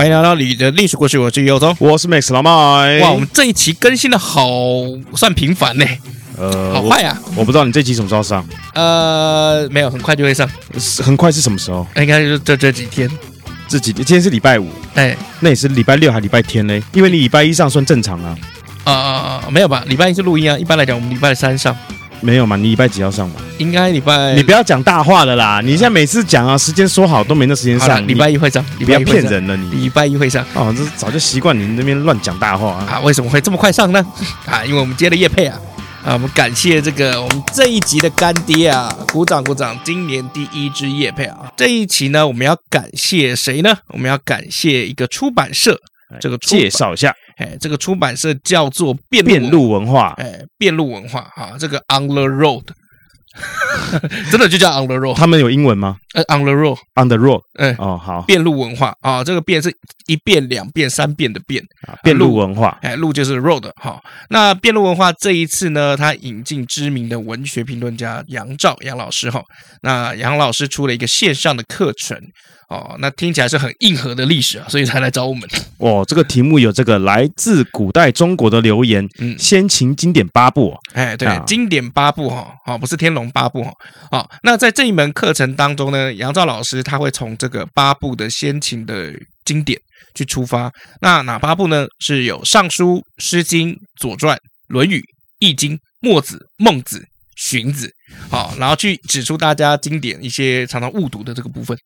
歡迎來到你的歷史故事，我是姚宗，我是 Max 老麥。哇，我們這一期更新的好算頻繁呢、欸，呃，好快啊？我，我不知道你這一期什麼時候上，呃，沒有，很快就會上，很快是什麼時候？應該就這這幾天，這幾天今天是禮拜五，哎、欸，那也是禮拜六還禮拜天呢？因為你禮拜一上算正常啊，啊、呃，沒有吧？禮拜一是錄音啊，一般來講我們禮拜三上。沒有嘛？你禮拜幾要上嘛？應該禮拜。你不要講大話了啦，嗯！你現在每次講啊，時間說好都沒那時間上。禮拜一會上，你，禮拜一會上，你不要騙人了你。禮拜一會上哦，這早就習慣你那邊亂講大話啊！啊，為什麼會這麼快上呢？啊，因為我們接了業配啊，啊，我們感謝這個我們這一集的乾爹啊，鼓掌鼓掌！今年第一支業配啊，這一期呢，我們要感謝誰呢？我們要感謝一個出版社，這個出版介紹一下。哎，這個出版社叫做“遍路文化”。哎，“遍路文化”哈，這個 “on the road” 真的就叫 “on the road”。他們有英文嗎？嗯、on the road”，“on the road”, on the road、嗯。哦，好，“遍路文化”啊，這個“遍”是一遍、兩遍、三遍的“遍”。遍路文化，路”就是 “road” 哈。那“遍路文化”這一次呢，他引進知名的文學評論家楊照楊老師哈。那楊老師出了一個線上的課程。哦，那聽起來是很硬核的歷史啊，所以才來找我們的。哦，這個題目有這個來自古代中國的留言，嗯，先秦經典八部啊，哎，對，啊、經典八部哈、啊，好、哦，不是天龍八部哈、啊，好、哦，那在這一門課程當中呢，楊照老師他會從這個八部的先秦的經典去出發，那哪八部呢？是有《尚書》《詩經》《左傳》《論語》《易經》《墨子》《孟子》《荀子》，好、哦，然後去指出大家經典一些常常誤讀的這個部分。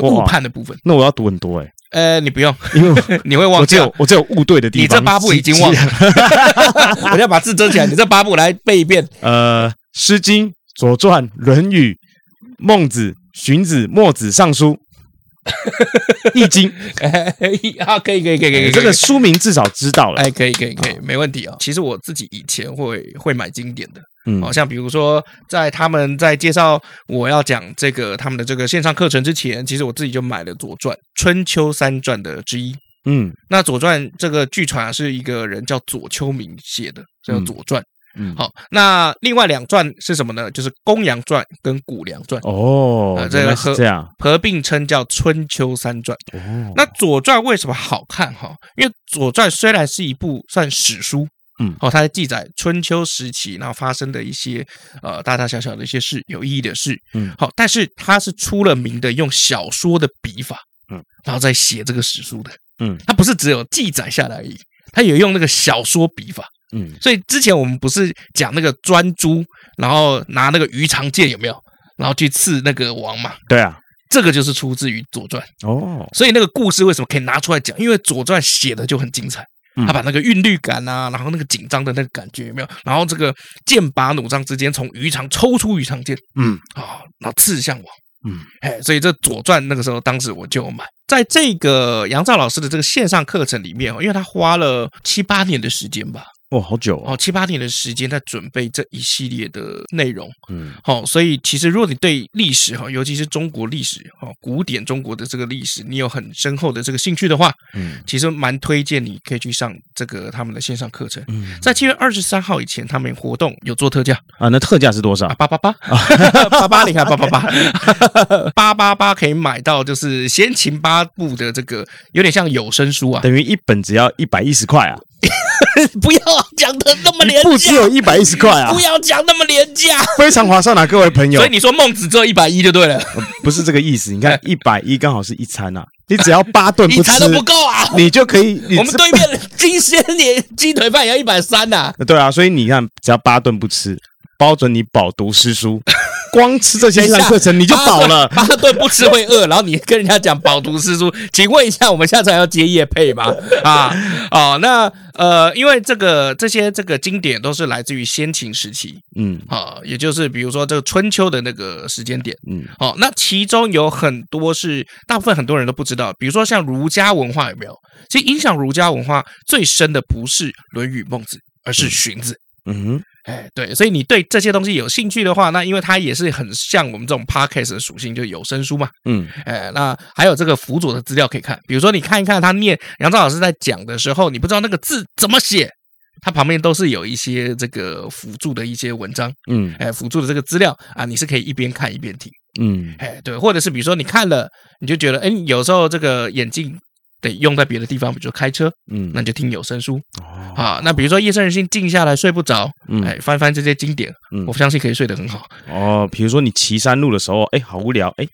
誤判的部分、哦，那我要讀很多哎、欸。呃，你不用，因為 你會忘記。我只有我只有誤對的地方。你這八部已經忘了， 我要把字遮起來。你這八部來背一遍。呃，《詩經》左《左傳》《論語》《孟子》《荀子》《墨子》《尚書》 《易經》。哎，可以，可以，可以，可以，可以。這個書名至少知道了。哎，可以，可以，可以，哦、沒問題啊、哦。其實我自己以前會會買經典的。好、嗯、像比如說，在他們在介紹我要講這個他們的這個線上課程之前，其實我自己就買了《左傳》《春秋》三傳的之一。嗯，那《左傳》這個據傳是一個人叫左丘明寫的，叫《左傳》。嗯，好、嗯，那另外兩傳是什麼呢？就是《公羊傳》跟《穀梁傳》。哦、啊，這個合合併稱叫《春秋三傳》。哦，那《左傳》為什麼好看？哈，因為《左傳》雖然是一部算史書。嗯，好、哦，他在記載春秋時期然後發生的一些呃大大小小的一些事，有意義的事。嗯，好、哦，但是他是出了名的用小說的筆法，嗯，然後在寫這個史書的，嗯，他不是只有記載下來而已，他也用那個小說筆法，嗯，所以之前我們不是講那個專諸，然後拿那個魚腸劍有沒有，然後去刺那個王嘛？對啊，這個就是出自於《左傳》哦，所以那個故事為什麼可以拿出來講？因為《左傳》寫的就很精彩。他把那個韻律感啊，然後那個緊張的那個感覺有沒有？然後這個劍拔弩張之間，從魚腸抽出魚腸劍，嗯啊，然後刺向我，嗯，哎、hey，所以這《左傳》那個時候，當時我就買在這個楊照老師的這個線上課程裡面哦，因為他花了七八年的時間吧。哇、哦，好久哦，七、哦、八年的時間在準備這一系列的內容，嗯，好、哦，所以其實如果你對歷史哈，尤其是中國歷史哈，古典中國的這個歷史，你有很深厚的這個興趣的話，嗯，其實蠻推薦你可以去上這個他們的線上課程。嗯，在七月二十三號以前，他們活動有做特價啊，那特價是多少？八八八八，八八你看八八八，八八八可以買到就是《先秦八部》的這個有點像有聲書啊，等於一本只要一百一十塊啊。 不要講的那麼廉價，不只有一百一十塊啊！不要講那麼廉價，非常划算吶、啊，各位朋友。所以你說孟子只有一百一就對了，不是這個意思。你看一百一剛好是一餐吶、啊，你只要八頓不吃 你才都不夠啊，你就可以。我們對面金仙蓮雞 腿飯也要一百三吶，對啊，所以你看只要八頓不吃。包準你飽讀詩書，光吃這些課程你就飽了。八頓不吃會餓， 然後你跟人家講飽讀詩書，請問一下，我們下次還要接業配吧？ 啊，哦，那呃，因為這個這些這個經典都是來自於先秦時期，嗯，好、哦，也就是比如說這個春秋的那個時間點，嗯，好、哦，那其中有很多是大部分很多人都不知道，比如說像儒家文化有沒有？其實影響儒家文化最深的不是《論語》《孟子》，而是荀子。嗯哼。嗯哎，對，所以你對這些東西有興趣的話，那因為它也是很像我們這種 Podcast 的屬性，就有聲書嘛。嗯，哎，那還有這個輔佐的資料可以看，比如說你看一看他念楊照老師在講的時候，你不知道那個字怎麼寫，他旁邊都是有一些這個輔助的一些文章，嗯，哎，輔助的這個資料啊，你是可以一邊看一邊聽，嗯，哎，對，或者是比如說你看了，你就覺得哎，有時候這個眼鏡。得用在別的地方，比如說開車，嗯，那就聽有聲書，啊、哦，那比如說夜深人靜靜下來睡不着，嗯，哎，翻翻這些經典，嗯，我相信可以睡得很好。哦，比如說你騎山路的時候，哎、欸，好無聊，哎、欸，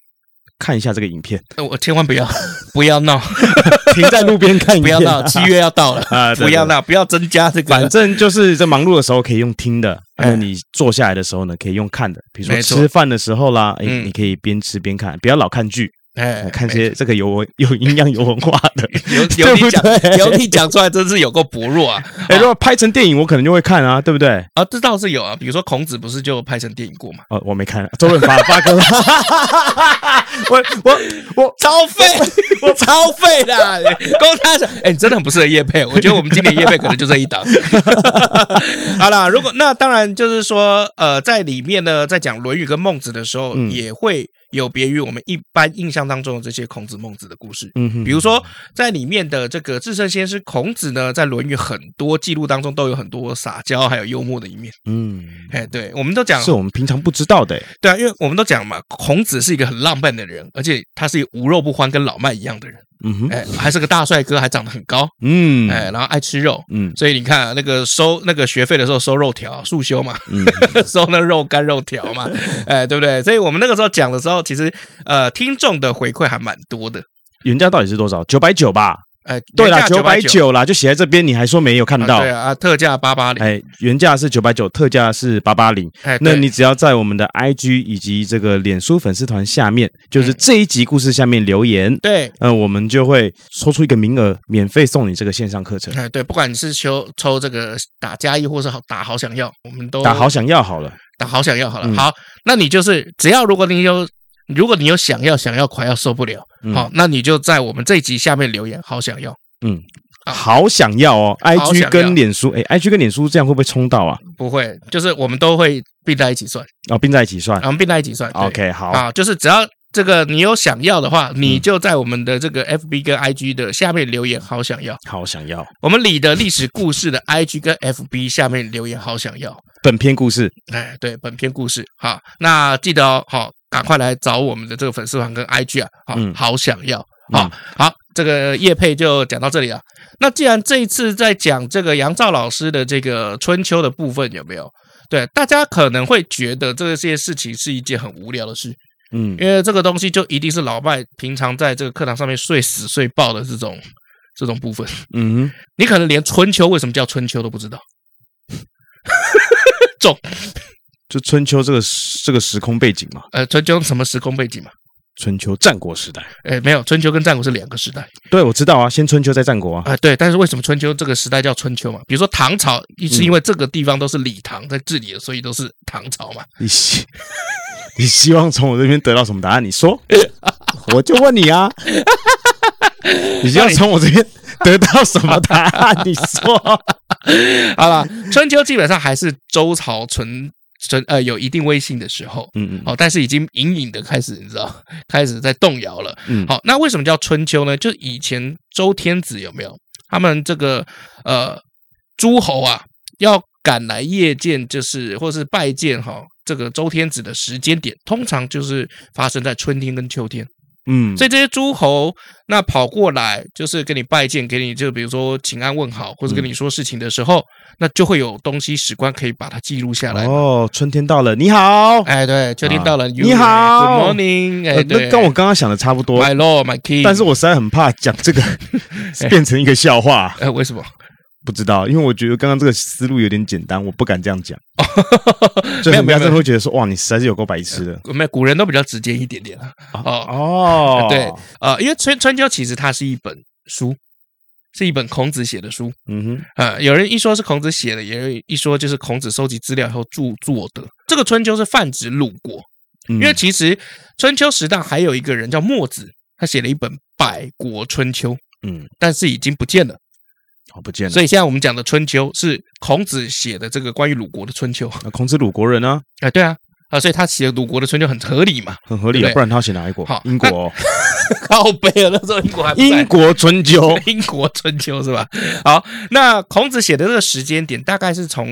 看一下這個影片，我千萬不要，不要鬧， 停在路邊看， 不要鬧，七月要到了啊，不要鬧，不要增加這個，反正就是在忙碌的時候可以用聽的，那、嗯、你坐下來的時候呢，可以用看的，比如說吃飯的時候啦，哎、欸嗯，你可以邊吃邊看，不要老看劇。哎、欸，看些這個有文，有營養、有文化的，有有你講，有你講出來真是有夠薄弱啊，啊！哎、啊欸，如果拍成電影，我可能就會看啊，對不對？啊，這倒是有啊，比如說孔子不是就拍成電影過嘛？哦、啊，我沒看，周潤發發哥，我我我超廢，我超廢的。龔 上哎、欸，你真的很不適合業配。我覺得我們今年業配可能就這一檔。 好啦，如果那當然就是說，呃，在裡面呢，在講《論語》跟《孟子》的時候，嗯、也會。有別於我們一般印象當中的這些孔子、孟子的故事，嗯哼，比如說在裡面的這個至聖先師孔子呢，在《論語》很多記錄當中都有很多撒嬌還有幽默的一面，嗯，哎、hey，對，我們都講是我們平常不知道的，對啊，因為我們都講嘛，孔子是一個很浪漫的人，而且他是無肉不歡，跟老麥一樣的人。嗯，哼，哎、欸，還是個大帥哥，還長得很高，嗯，哎、欸，然後愛吃肉，嗯，所以你看、啊、那個收那個學費的時候收肉條，束脩嘛，嗯， 收那肉乾肉條嘛，哎、欸，對不對？所以我們那個時候講的時候，其實呃，聽眾的回饋還蠻多的。原價到底是多少？九百九吧。哎，990, 對啦九百九啦，就寫在這邊。你還說沒有看到？啊對啊，特價八八零。哎，原價是九百九，特價是八八零。那你只要在我們的 I G 以及這個臉書粉絲團下面，就是這一集故事下面留言。嗯、對，呃，我們就會抽出一個名額，免費送你這個線上課程。哎，對，不管你是抽抽這個打加一，或是打好想要，我們都打好想要好了，打好想要好了。嗯、好，那你就是只要如果你有。如果你有想要，想要快要受不了，好、嗯哦，那你就在我們這一集下面留言，好想要，嗯，好想要哦。I G 跟臉書，哎，I G 跟臉書這樣會不會衝到啊？不會，就是我們都會併在一起算，哦、並在一起算啊，併在一起算，我們併在一起算。OK，好啊，就是只要這個你有想要的話，嗯、你就在我們的這個 F B 跟 I G 的下面留言，好想要，好想要。我們李的歷史故事的 I G 跟 F B 下面留言，好想要。本篇故事，誒、哎，對，本篇故事，好、哦，那記得哦，好、哦。趕快來找我們的這個粉絲團跟 IG 啊，好、嗯，好想要啊！好、嗯，這個業配就講到這裡了。那既然這一次在講這個楊照老師的這個春秋的部分，有沒有？對，大家可能會覺得這些事情是一件很無聊的事，嗯，因為這個東西就一定是老外平常在這個課堂上面睡死睡爆的這種這種部分，嗯，你可能連春秋為什麼叫春秋都不知道，重。就春秋這個這個時空背景嘛，呃，春秋什麼時空背景嘛？春秋戰國時代，誒、欸，沒有，春秋跟戰國是兩個時代。對，我知道啊，先春秋再戰國啊。哎、呃，對，但是為什麼春秋這個時代叫春秋嘛？比如說唐朝，一是因為這個地方都是李唐、嗯、在治理的，所以都是唐朝嘛。你希你希望從我這邊得到什麼答案？你說， 我就問你啊， 你希望從我這邊得到什麼答案？你說 好了，春秋基本上還是周朝存。春呃有一定威信的時候，嗯嗯，好，但是已經隱隱的開始，你知道，開始在動搖了。嗯，嗯，好，那為什麼叫春秋呢？就以前周天子有沒有他們這個呃諸侯啊，要趕來謁見，就是或是拜見哈、哦、這個周天子的時間點，通常就是發生在春天跟秋天。嗯，所以這些諸侯那跑過來，就是跟你拜見，給你就比如說請安問好，或者跟你說事情的時候，嗯、那就會有東西史官可以把它記錄下來。哦，春天到了，你好，哎，對，秋天到了，啊 You're、你好，Good morning，哎，對，呃、那跟我剛剛想的差不多。My Lord, My King 但是我實在很怕講這個 變成一個笑話。哎，哎，為什麼？不知道，因為我覺得剛剛這個思路有點簡單，我不敢這樣講。有沒有，人會覺得說、哦：“哇，你實在是有夠白痴的。”沒有，古人都比較直接一點點啊。哦哦，呃、對啊、呃，因為春《春春秋》其實它是一本書，是一本孔子寫的書。嗯哼，呃，有人一說是孔子寫的，也有人一說就是孔子收集資料以後著作的。這個《春秋》是范子是泛指魯國，因為其實春秋時代還有一個人叫墨子，他寫了一本《百國春秋》。嗯，但是已經不見了。好、哦、不見了。所以現在我們講的《春秋》是孔子寫的這個關於魯國的《春秋》。那孔子魯國人呢、啊？啊、哎，對啊，啊，所以他寫魯國的《春秋》很合理嘛，很合理、啊對不對。不然他寫哪一國？好，英國、哦。 靠北了。那時候英國還不在。英國《春秋》，英國《春秋》是吧？好，那孔子寫的這個時間點，大概是從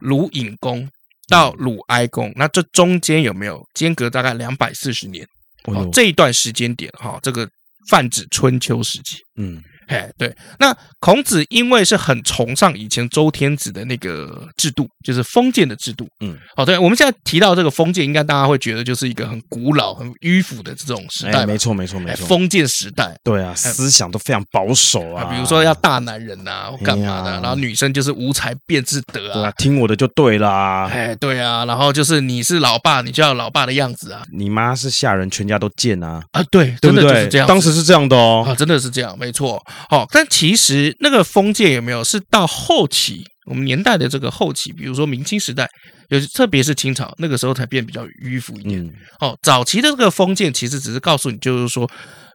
魯隱公到魯哀公，嗯、那這中間有沒有間隔？大概兩百四十年、哦哦。這一段時間點哈、哦，這個泛指春秋時期。嗯。哎，對，那孔子因為是很崇尚以前周天子的那個制度，就是封建的制度。嗯，好、哦，對，我們現在提到這個封建，應該大家會覺得就是一個很古老、很迂腐的這種時代、哎。沒錯，沒錯，沒錯，封建時代。對啊，哎、思想都非常保守啊，比如說要大男人吶、啊，幹嘛的、哎？然後女生就是無才便是德啊，啊，聽我的就對啦。哎，對啊，然後就是你是老爸，你就要老爸的樣子啊。你媽是下人，全家都賤啊。啊，對，對，對，真的就是這樣。當時是這樣的哦。啊，真的是這樣，沒錯。哦，但其實那個封建有沒有是到後期，我們年代的這個後期，比如說明清時代，有特別是清朝那個時候才變比較迂腐一點，嗯。哦，早期的這個封建其實只是告訴你，就是說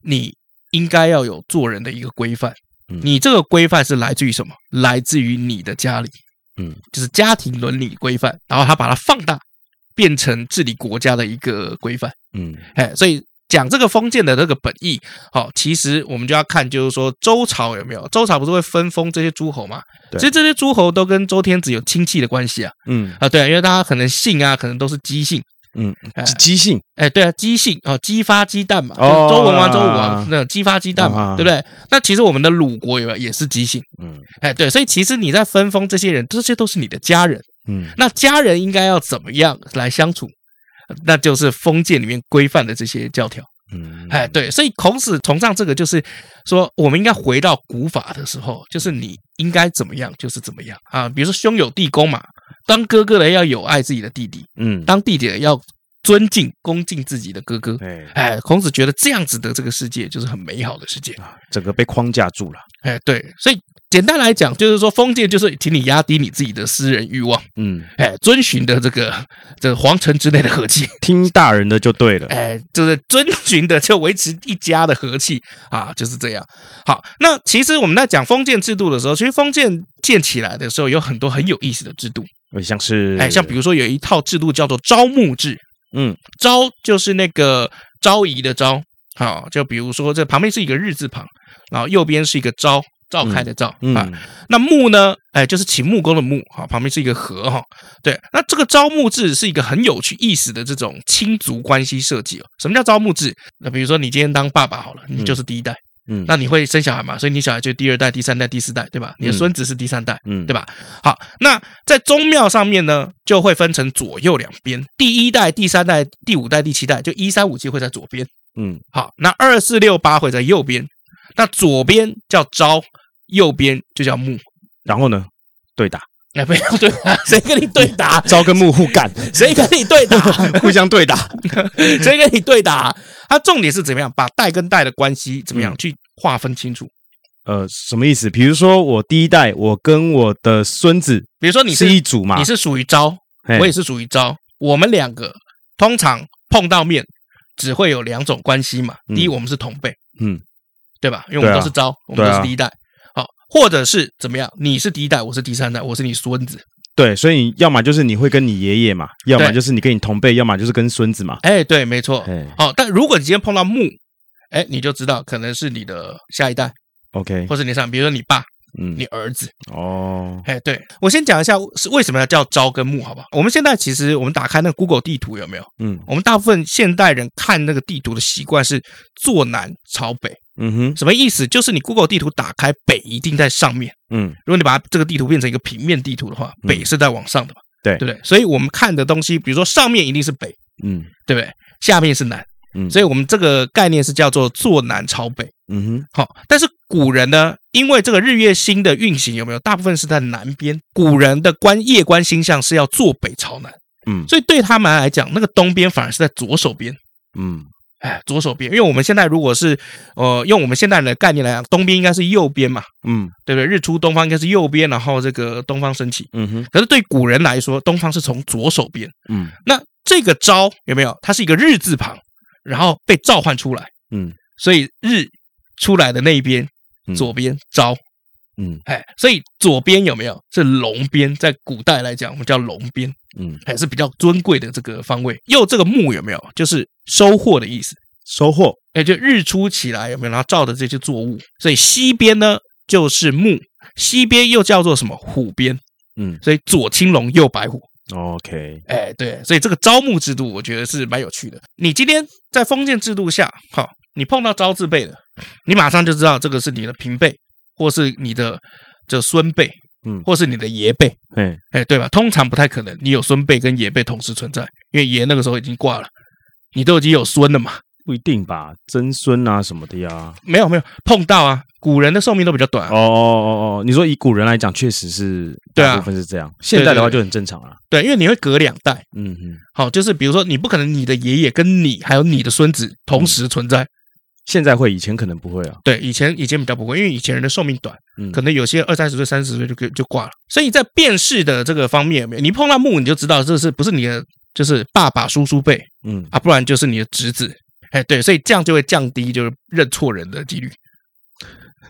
你應該要有做人的一個規範，嗯，你這個規範是來自於什麼？來自於你的家裡，嗯，就是家庭倫理規範，然後他把它放大，變成治理國家的一個規範，嗯，哎，所以。講這個封建的那個本意，好，其實我們就要看，就是說周朝有沒有？周朝不是會分封這些諸侯嘛？其實這些諸侯都跟周天子有親戚的關係啊。嗯啊，對啊，因為大家可能姓啊，可能都是姬姓。嗯，姬姓。哎，對啊，姬姓哦，姬發姬旦嘛，哦、周文王、周武王那種姬發姬旦嘛，啊、對不對、啊？那其實我們的魯國有沒有也是姬姓？嗯，哎，對，所以其實你在分封這些人，這些都是你的家人。嗯，那家人應該要怎麼樣來相處？那就是封建裡面規範的這些教條。嗯，嗯，哎，對，所以孔子崇尚這個，就是說，我們應該回到古法的時候，就是你應該怎麼樣，就是怎麼樣啊。比如說，兄友弟恭嘛，當哥哥的要有愛自己的弟弟，嗯，當弟弟的要。尊敬、恭敬自己的哥哥，哎，孔子覺得這樣子的這個世界就是很美好的世界啊，整個被框架住了，哎，對，所以簡單來講，就是說封建就是請你壓低你自己的私人欲望，嗯，哎，遵循的這個這個皇城之內的和氣，聽大人的就對了，哎，就是遵循的就維持一家的和氣啊，就是這樣。好，那其實我們在講封建制度的時候，其實封建建起來的時候有很多很有意思的制度，像是哎，像比如說有一套制度叫做招募制。嗯，昭就是那個昭儀的昭，好，就比如說這旁邊是一個日字旁，然後右邊是一個昭，召開的召、嗯嗯，啊，那木呢，哎，就是秦穆公的穆，好，旁邊是一個禾，哈，對，那這個昭穆制是一個很有趣意思的這種親族關係設計哦。什麼叫昭穆制？那比如說你今天當爸爸好了，你就是第一代。嗯嗯，那你會生小孩嘛？所以你小孩就第二代、第三代、第四代，對吧？你的孫子是第三代，嗯，對吧？好，那在宗廟上面呢，就會分成左右兩邊，第一代、第三代、第五代、第七代，就一三五七會在左邊，嗯，好，那二四六八會在右邊。那左邊叫昭，右邊就叫穆，然後呢，對打。哎，不要對，誰跟你對打？招跟幕互干？誰跟你對打？互相對打？誰 跟你對打？它重點是怎麼樣把代跟代的關係怎麼樣、嗯、去劃分清楚？呃，什麼意思？比如說我第一代，我跟我的孫子，比如說你是一組嘛，你是屬於招，我也是屬於招，我們兩個通常碰到面，只會有兩種關係嘛。嗯、第一，我們是同輩，嗯，對吧？因為我們都是招，我們都是第一代。或者是怎麼樣？你是第一代，我是第三代，我是你孫子。對，所以你要麼就是你會跟你爺爺嘛，要麼就是你跟你同輩，要麼就是跟孫子嘛。哎，對，沒錯。好，哎哦，但如果你今天碰到木，哎，你就知道可能是你的下一代。OK，或者你想，比如說你爸。嗯，你兒子哦 hey,，嘿，對，我先講一下是為什麼要叫朝跟暮，好不好？我們現在其實我們打開那個 Google 地圖有沒有？嗯，我們大部分現代人看那個地圖的習慣是坐南朝北。嗯哼，什麼意思？就是你 Google 地圖打開，北一定在上面。嗯，如果你把這個地圖變成一個平面地圖的話，北是在往上的嘛？對、嗯，對不對？對，所以我們看的東西，比如說上面一定是北，嗯，對不對？下面是南，嗯，所以我們這個概念是叫做坐南朝北。嗯哼，好，但是，古人呢，因為這個日月星的運行有沒有？大部分是在南邊。古人的觀夜觀星象是要坐北朝南，嗯，所以對他們來講，那個東邊反而是在左手邊，嗯，哎，左手邊。因為我們現在如果是呃，用我們現在的概念來講，東邊應該是右邊嘛，嗯，對不對？日出東方應該是右邊，然後這個東方升起，嗯哼。可是對古人來說，東方是從左手邊，嗯。那這個朝有沒有？它是一個日字旁，然後被召喚出來，嗯。所以日出來的那一邊。嗯、左邊昭，嗯，哎，所以左邊有沒有是龍邊？在古代來講，我們叫龍邊，嗯嘿，還是比較尊貴的這個方位。右這個穆有沒有？就是收穫的意思，收穫，哎，就日出起來有沒有？然後照着這些作物，所以西邊呢就是穆，西邊又叫做什麼虎邊？嗯，所以左青龍，右白虎。OK，、嗯、哎、欸，對，所以這個昭穆制度，我覺得是蠻有趣的。你今天在封建制度下，哈，你碰到昭字輩的。你馬上就知道這個是你的平輩，或是你的這孫輩，嗯，或是你的爺輩，哎、欸、對吧？通常不太可能，你有孫輩跟爺輩同時存在，因為爺那個時候已經掛了，你都已經有孫了嘛。不一定吧，曾孫啊什麼的呀，啊？沒有沒有，碰到啊。古人的壽命都比較短，啊。哦哦哦哦，你說以古人來講，確實是對，大部分是這樣，啊。現代的話就很正常啊。對，對，對，對，對，因為你會隔兩代。嗯嗯。好，就是比如說，你不可能你的爺爺跟你還有你的孫子同時存在。嗯現在會，以前可能不會啊。對，以前以前比較不會，因為以前人的壽命短、嗯，可能有些二三十歲、三十歲就就掛了。所以，在辨識的這個方面，你碰到木，你就知道這是不是你的，就是爸爸、叔叔輩，嗯啊，不然就是你的侄子，哎，對，所以這樣就會降低就是認錯人的幾率。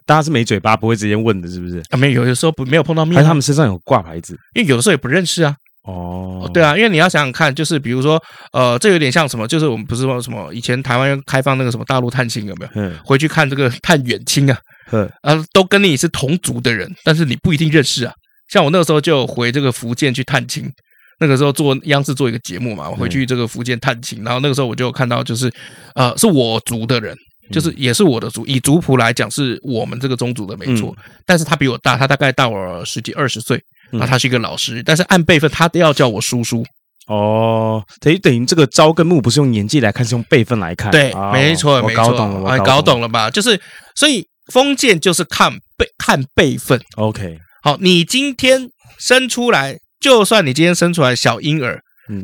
大家是沒嘴巴，不會直接問的是不是？啊，沒有，有的時候不沒有碰到面、啊，他們身上有掛牌子，因為有的時候也不認識啊。哦，對啊，因為你要想想看，就是比如說，呃，這有點像什麼？就是我們不是說什麼以前台灣開放那個什麼大陸探親有沒有？回去看這個探遠親啊，嗯啊，都跟你是同族的人，但是你不一定認識啊。像我那個時候就回這個福建去探親，那個時候做央視做一個節目嘛，我回去這個福建探親，嗯、然後那個時候我就有看到就是，呃，是我族的人，就是也是我的族，嗯、以族譜來講是我們這個宗族的沒錯，嗯、但是他比我大，他大概大我十幾二十歲。那、嗯、他是一個老師，但是按輩分，他都要叫我叔叔。哦，等於等於這個昭跟穆不是用年紀來看，是用輩分來看。對，哦、沒錯，沒錯，我搞懂了，我搞懂了，哎、我搞懂了，搞懂了吧？就是，所以封建就是看輩，看輩分。OK，好，你今天生出來，就算你今天生出來小嬰兒。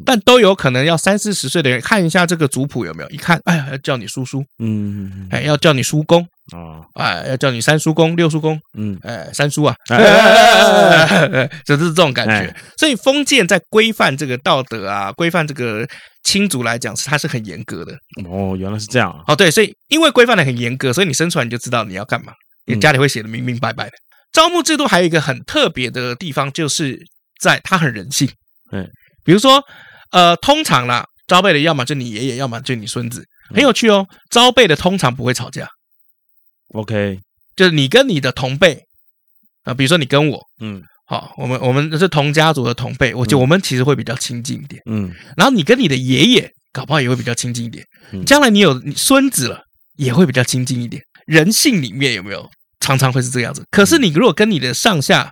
但都有可能要三四十歲的人看一下這個族譜有沒有。一看，哎呀，要叫你叔叔。嗯，嗯，哎，要叫你叔公啊，哦，哎，要叫你三叔公、六叔公，嗯，哎，三叔啊，哎，哎哎哎哎就是這種感覺。哎，所以封建在規範這個道德啊，規範這個親族來講，是它是很嚴格的。哦，原來是這樣、啊。哦，對，所以因為規範的很嚴格，所以你生出來你就知道你要幹嘛，你家裡會寫得明明白白的。的、嗯。招募制度還有一個很特別的地方，就是在它很人性，嗯、哎。比如說，呃，通常啦，招輩的要麼就你爺爺，要麼就你孫子，很有趣哦。招輩的通常不會吵架。OK，就是你跟你的同輩啊、呃，比如說你跟我，嗯，好、哦，我們我們是同家族的同輩、嗯，我就我們其實會比較親近一點，嗯。然後你跟你的爺爺，搞不好也會比較親近一點。將、嗯、來你有孫子了，也會比較親近一點。人性裡面有沒有常常會是這個樣子？可是你如果跟你的上下，嗯、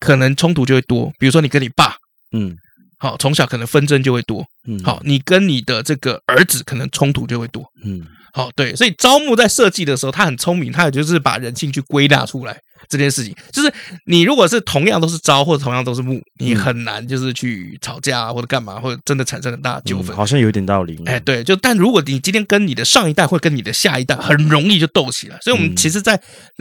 可能衝突就會多。比如說你跟你爸，嗯。好，從小可能紛爭就會多。好，你跟你的這個兒子可能衝突就會多。嗯，好，對，所以昭穆在設計的時候，他很聰明，他也就是把人性去歸納出來這件事情。就是你如果是同樣都是昭，或者同樣都是穆，你很難就是去吵架啊，或者幹嘛，或者真的產生很大糾紛。好像有點道理。哎，對，就但如果你今天跟你的上一代，或跟你的下一代很容易就鬥起來。所以，我們其實，在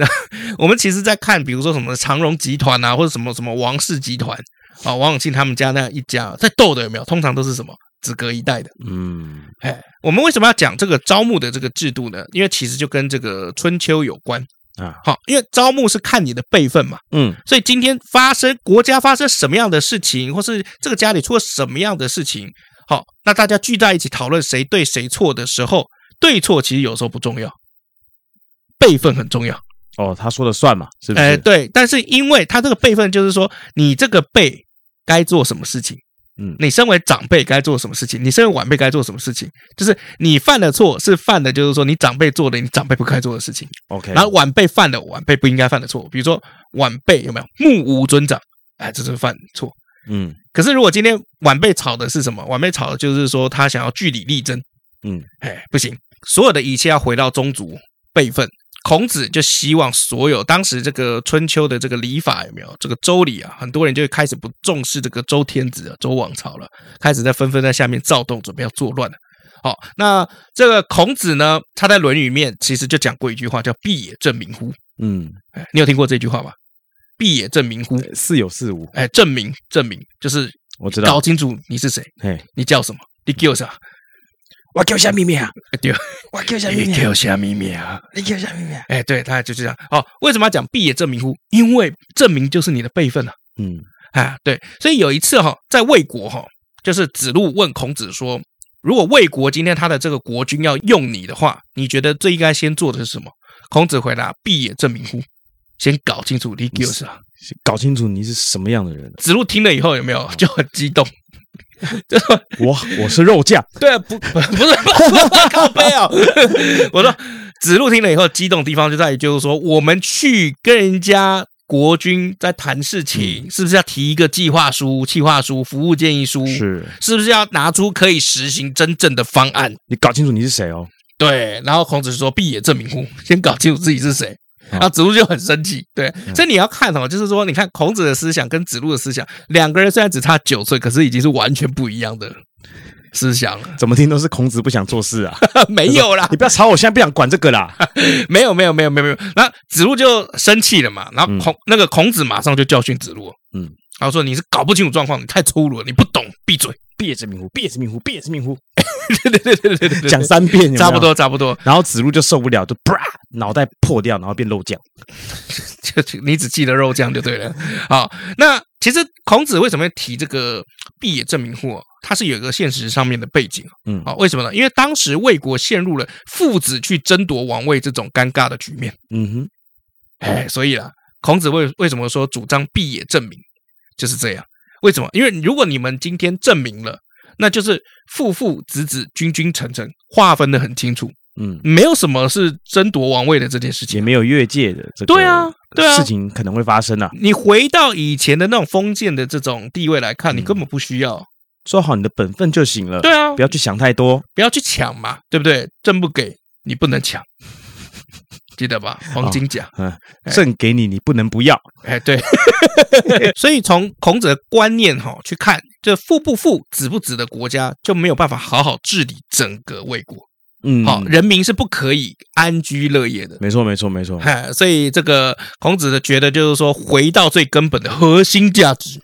我們其實，在看，比如說什麼長榮集團啊，或者什麼什麼王氏集團。啊，王永慶他們家那一家在鬥的有沒有？通常都是什麼？子隔一代的。嗯，哎，我們為什麼要講這個招募的這個制度呢？因為其實就跟這個春秋有關啊。好，因為招募是看你的輩分嘛。嗯，所以今天發生國家發生什麼樣的事情，或是這個家裡出了什麼樣的事情，好，那大家聚在一起討論誰對誰錯的時候，對錯其實有時候不重要，輩分很重要。哦，他說的算嘛？是不是？哎，對，但是因為他這個輩分，就是說你這個輩該做什麼事情，嗯，你身為長輩該做什麼事情，你身為晚輩該做什麼事情，就是你犯的錯是犯的，就是說你長輩做的，你長輩不該做的事情，OK。然後晚輩犯的晚輩不應該犯的錯，比如說晚輩有沒有目無尊長，哎，這是犯錯，嗯。可是如果今天晚輩吵的是什麼？晚輩吵的就是說他想要據理力爭，嗯，嘿，不行，所有的一切要回到宗族輩分。孔子就希望所有當時這個春秋的這個禮法有沒有這個周禮啊？很多人就開始不重視這個周天子、啊、周王朝了，開始在紛紛在下面躁動，準備要作亂了。好、哦，那這個孔子呢，他在《論語》面其實就講過一句話，叫“必也正名乎”。嗯，你有聽過這句話嗎？“必也正名乎”，嗯、似有似無。哎，正名，正名，就是我知道，搞清楚你是誰，你叫什麼？你叫啥？嗯我叫啥咪名啊！ 對我叫啥咪名啊！你叫啥咪名啊！哎，對他就是這樣。哦，為什麼要講“必也正名乎”？因為正名就是你的輩分了、啊。嗯，哎、啊，對。所以有一次哈、哦，在魏國哈、哦，就是子路問孔子說：“如果魏國今天他的這個國君要用你的話，你覺得最應該先做的是什麼？”孔子回答：“必也正名乎？先搞清楚你，你是啊，搞清楚你是什麼樣的人、啊。”子路聽了以後，有沒有就很激動？ 我我是肉醬、 啊，對不不是咖啡啊。 我說子路聽了以後，激動的地方就在於，就是說我們去跟人家國君在談事情， 是不是要提一個計劃書、計劃書、服務建議書？是，是不是要拿出可以實行真正的方案？ 你搞清楚你是誰哦。對，然後孔子說：“必也正名乎。”先搞清楚自己是誰。然後子路就很生氣，對，所以你要看什麼，就是說，你看孔子的思想跟子路的思想，兩個人雖然只差九歲，可是已經是完全不一樣的思想了。怎麼聽都是孔子不想做事啊 沒有啦，你不要吵，我現在不想管這個啦。 沒有，沒有，沒有，沒有，沒有。那子路就生氣了嘛，然後孔那個孔子馬上就教訓子路，嗯，然後說你是搞不清楚狀況，你太粗魯了，你不懂，閉嘴，必也正名乎，必也，正名乎，必也，正名乎。對對對對對，講三遍，差不多差不多。然後子路就受不了，就啪，腦袋破掉，然後變肉醬。 就你只記得肉醬就對了 好，那其實孔子為什麼要提這個“必也正名乎”？他是有一個現實上面的背景。嗯，啊，為什麼呢？因為當時魏國陷入了父子去爭奪王位這種尷尬的局面。嗯哼。所以啊，孔子為為什麼說主張“必也正名”就是這樣？為什麼？因為如果你們今天正名了。那就是父父子子君君臣臣劃分得很清楚，嗯，沒有什麼是爭奪王位的這件事情、啊，也沒有越界的、這個。對啊，對啊，事情可能會發生啊。你回到以前的那種封建的這種地位來看，嗯、你根本不需要做好你的本分就行了。對啊，不要去想太多，不要去搶嘛，對不對？朕不給你，不能搶， 記得吧？黃金甲，嗯、哦，朕給你、哎，你不能不要。哎，對。 所以從孔子的觀念哈、哦、去看。這父不父、子不子的國家就沒有辦法好好治理整個衛國，嗯，好、哦，人民是不可以安居樂業的。沒錯，沒錯，沒錯。哎，所以這個孔子的覺得就是說，回到最根本的核心價值，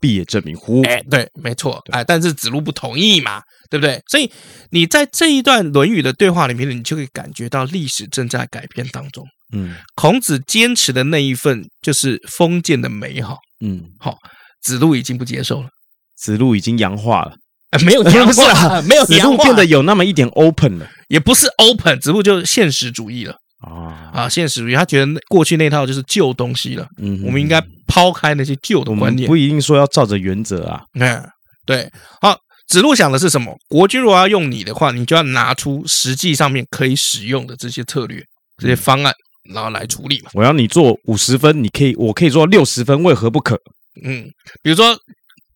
必也正名乎？哎，對，沒錯。哎，但是子路不同意嘛，對不對？所以你在這一段《論語》的對話裡面，你就會感覺到歷史正在改變當中。嗯，孔子堅持的那一份就是封建的美好。嗯，好、哦，子路已經不接受了。子路已經洋化了。欸，沒有洋化， 啊、沒有洋化，變得有那麼一點 open 了，也不是 open，子路就是現實主義了啊啊，現實主義，他覺得過去那套就是舊東西了，嗯，我們應該拋開那些舊的觀念，不一定說要照着原則啊，啊、嗯，對，好，子路想的是什麼？國君如果要用你的話，你就要拿出實際上面可以使用的這些策略、這些方案，然後來處理嘛。我要你做五十分，你可以，我可以做六十分，為何不可？嗯，比如說。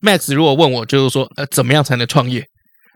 Max 如果問我就是說，呃，怎麼樣才能創業？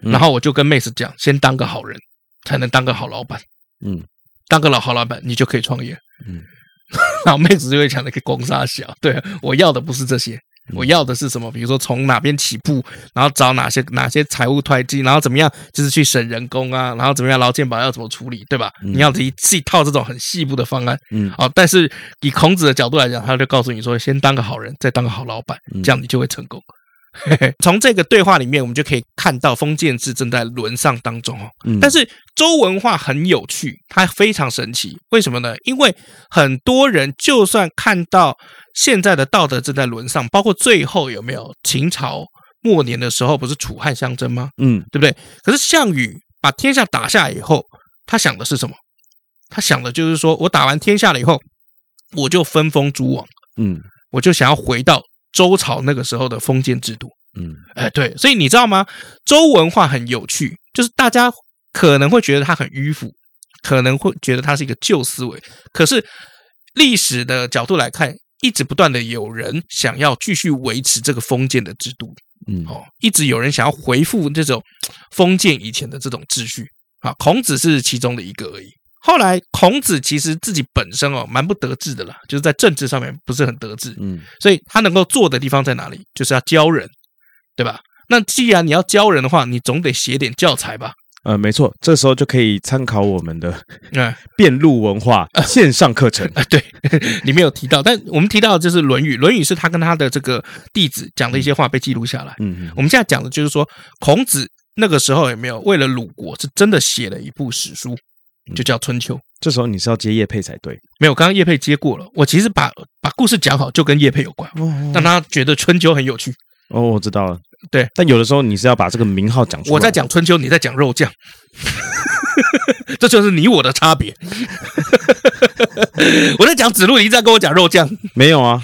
嗯、然後我就跟 Max 講，先當個好人，才能當個好老板。嗯，當個老好老板，你就可以創業。嗯， 然後 Max 就會講的，公殺小。對、啊，我要的不是這些、嗯，我要的是什麼？比如說從哪邊起步，然後找哪些哪些財務會計，然後怎麼樣，就是去省人工啊，然後怎麼樣勞健保要怎麼處理，對吧？你要自己套這種很細部的方案。嗯，哦，但是以孔子的角度來講，他就告訴你說，先當個好人，再當個好老板，這樣你就會成功。嗯嗯嘿嘿，從這個對話裡面，我們就可以看到封建制正在淪喪當中哦。但是周文化很有趣，它非常神奇。為什麼呢？因為很多人就算看到現在的道德正在淪喪，包括最後有沒有秦朝末年的時候，不是楚漢相爭嗎？嗯，對不對？可是項羽把天下打下以後，他想的是什麼？他想的就是說我打完天下了以後，我就分封諸王。嗯，我就想要回到。周朝那個時候的封建制度，嗯，哎、呃，對，所以你知道嗎？周文化很有趣，就是大家可能會覺得它很迂腐，可能會覺得它是一個舊思維，可是歷史的角度來看，一直不斷的有人想要繼續維持這個封建的制度，嗯，哦，一直有人想要恢復這種封建以前的這種秩序啊，孔子是其中的一個而已。後來，孔子其實自己本身哦，蠻不得志的啦，就是在政治上面不是很得志，嗯，所以他能夠做的地方在哪裡，就是要教人，對吧？那既然你要教人的話，你總得寫點教材吧？呃，沒錯，這時候就可以參考我們的嗯，遍路文化線上課程啊、呃呃，對，裡面有提到，但我們提到的就是《論語，》 《論語》是他跟他的這個弟子講的一些話被記錄下來，嗯，嗯我們現在講的就是說，孔子那個時候有沒有為了魯國是真的寫了一部史書？就叫春秋，嗯。這時候你是要接業配才對。沒有，剛剛業配接過了。我其實把把故事講好，就跟業配有關。哦哦哦，但他覺得春秋很有趣。哦，我知道了。對，但有的時候你是要把這個名號講出來。我在講春秋，你在講肉醬。 這就是你我的差別。 我在講子路，你一直在跟我講肉醬。 沒有啊，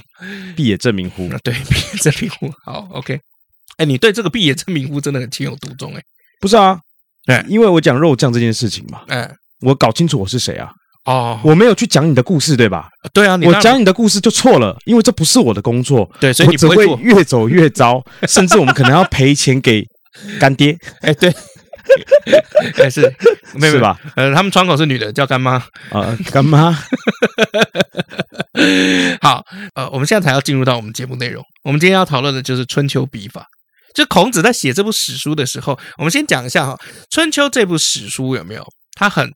必也正名乎？那對，必也正名乎？好，OK。哎、欸，你對這個必也正名乎真的很情有獨鍾？哎，不是啊，哎，因為我講肉醬這件事情嘛，哎、欸。我搞清楚我是誰啊？哦、oh.，我沒有去講你的故事，對吧？對啊，你我講你的故事就錯了，因為這不是我的工作。對，所以你不會只會越走越糟， 甚至我們可能要賠錢給乾爹。哎、 欸，對，還、欸、是沒有吧？呃，他們窗口是女的，叫乾媽啊，乾、呃、媽。 好，呃，我們現在才要進入到我們節目內容。我們今天要討論的就是《春秋筆法》，就孔子在寫這部史書的時候，我們先講一下哈，《春秋》這部史書有沒有？它很。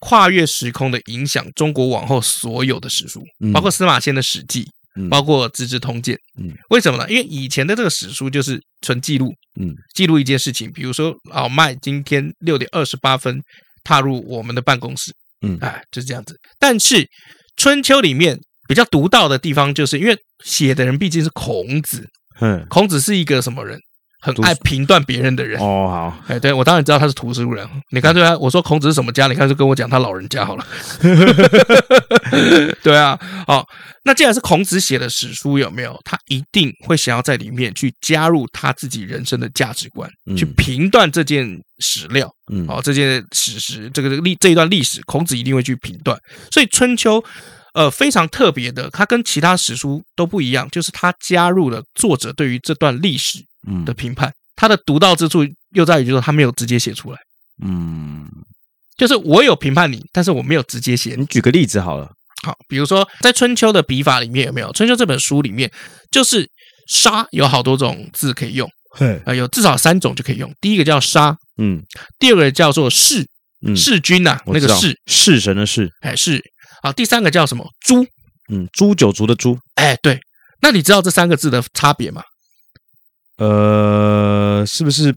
跨越時空的影響，中國往後所有的史書，包括司馬遷的《史記》，嗯嗯，包括《資治通鑑》，嗯，為什麼呢？因為以前的這個史書就是純記錄，嗯，記錄一件事情，比如說老麥今天六點二十八分踏入我們的辦公室，嗯，啊，就是這樣子。但是《春秋》裡面比較獨到的地方，就是因為寫的人畢竟是孔子，嗯，孔子是一個什麼人？很愛評斷別人的人哦，好，哎，對我當然知道他是圖書人。你看，對啊，我說孔子是什麼家，你看就跟我講他老人家好了 對啊，好，那既然是孔子寫的史書，有沒有他一定會想要在裡面去加入他自己人生的價值觀，嗯、去評斷這件史料？嗯，好、哦，這件史實，這個這個歷這一段歷史，孔子一定會去評斷。所以春秋，呃，非常特別的，它跟其他史書都不一樣，就是他加入了作者對於這段歷史。嗯，的評判，他的獨到之處又在於，就是他沒有直接寫出來。嗯，就是我有評判你，但是我沒有直接寫。你舉個例子好了。好，比如說在《春秋》的筆法裡面，有沒有《春秋》這本書裡面，就是“殺”有好多種字可以用。對啊、呃，有至少三種就可以用。第一個叫“殺”，嗯；第二個叫做“弒、嗯”，弒君吶、啊，那個“弒”，弒神的“弒、欸”，哎，弒。啊，第三個叫什麼“誅”？嗯，“誅九族”的“誅”，哎，對。那你知道這三個字的差別嗎？呃，是不是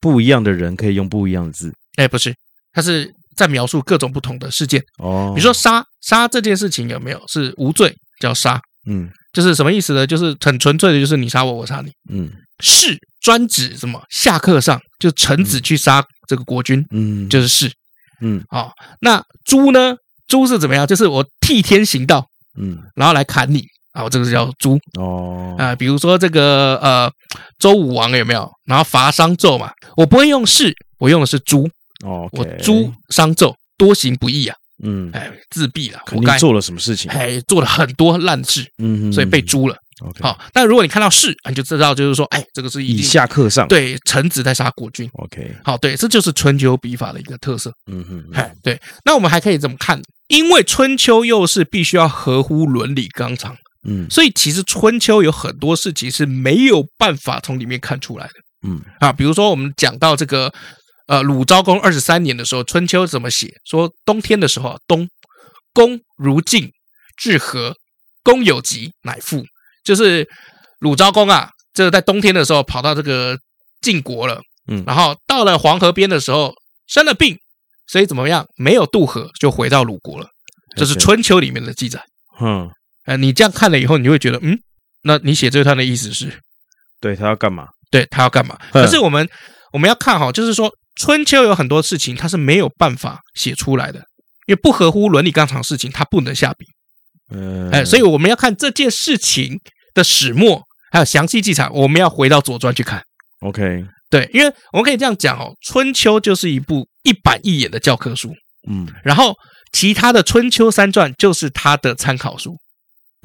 不一樣的人可以用不一樣的字？哎、欸，不是，他是在描述各種不同的事件。哦，比如說，殺殺這件事情有沒有是無罪叫殺？嗯，就是什麼意思呢？就是很純粹的，就是你殺我，我殺你。嗯，弒專指什麼？下剋上，就臣子去殺這個國君。嗯，就是弒。嗯，好、哦，那誅呢？誅是怎麼樣？就是我替天行道。嗯，然後來砍你。然、啊、這個是叫誅哦。啊，比如說這個呃，周武王有沒有？然後伐商紂嘛，我不會用弒，我用的是誅哦。Okay. 我誅商紂，多行不義啊，嗯，哎，自斃了。我該做了什麼事情、啊？哎，做了很多爛事，嗯哼嗯，哼嗯哼，所以被誅了。好、okay. 哦，那如果你看到弒，你就知道就是說，哎，這個是一以下克上對臣子在殺國君。OK，好、哦，對，這就是春秋筆法的一個特色。嗯哼嗯，哼嗯唉，對。那我們還可以怎麼看？因為春秋又是必須要合乎倫理綱常。嗯，所以其實春秋有很多事情是沒有辦法從裡面看出來的啊。嗯啊，比如說我們講到這個，呃，魯昭公二十三年的時候，春秋怎麼寫？說冬天的時候，冬，公如晉，至河，公有疾，乃復。就是魯昭公啊，就是在冬天的時候跑到這個晉國了。嗯，然後到了黃河邊的時候生了病，所以怎麼樣？沒有渡河就回到魯國了。這是春秋裡面的記載。嗯。哎、呃，你這樣看了以後，你就會覺得，嗯，那你寫這段的意思是，對，他要幹嘛？對，他要幹嘛？可是我們我們要看哈，就是說，《春秋》有很多事情，他是沒有辦法寫出來的，因為不合乎倫理綱常的事情，他不能下筆。嗯，哎、呃，所以我們要看這件事情的始末，還有詳細記載，我們要回到《左傳》去看。OK，對，因為我們可以這樣講哦，《春秋》就是一部一板一眼的教科書，嗯，然後其他的《春秋》三傳就是他的參考書。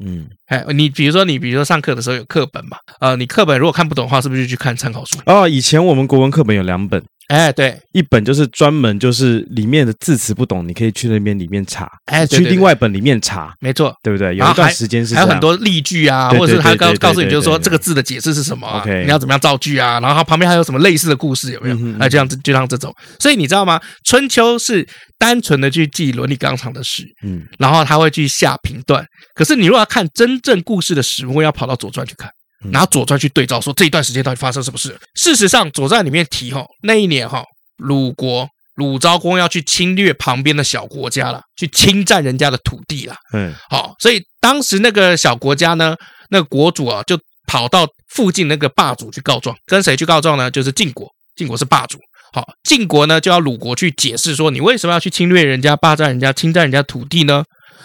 嗯，哎，你比如說，你比如說上課的時候有課本嘛。呃，你課本如果看不懂的話，是不是就去看參考書？哦，以前我們國文課本有兩本。哎、欸，對，一本就是專門就是裡面的字詞不懂，你可以去那邊裡面查，哎、欸，去另外一本裡面查，沒錯，對不對？有一段時間是，還有很多例句啊，或者是他告告訴你，就是說這個字的解釋是什麼，你要怎麼樣造句啊？然後旁邊還有什麼類似的故事有沒有？那、嗯啊、就像就像這種，所以你知道嗎？春秋是單純的去記倫理綱常的史，嗯，然後他會去下評斷。可是你如果要看真正故事的史，我也要跑到左傳去看。嗯、拿《左傳》去對照，說這一段時間到底發生什麼事？事實上，《左傳》裡面提吼那一年吼，魯國魯昭公要去侵略旁邊的小國家了，去侵佔人家的土地了。嗯，好，所以當時那個小國家呢，那個國主啊，就跑到附近那個霸主去告狀，跟誰去告狀呢？就是晉國，晉國是霸主。好，晉國呢就要魯國去解釋說，你為什麼要去侵略人家、霸佔人家、侵佔人家土地呢？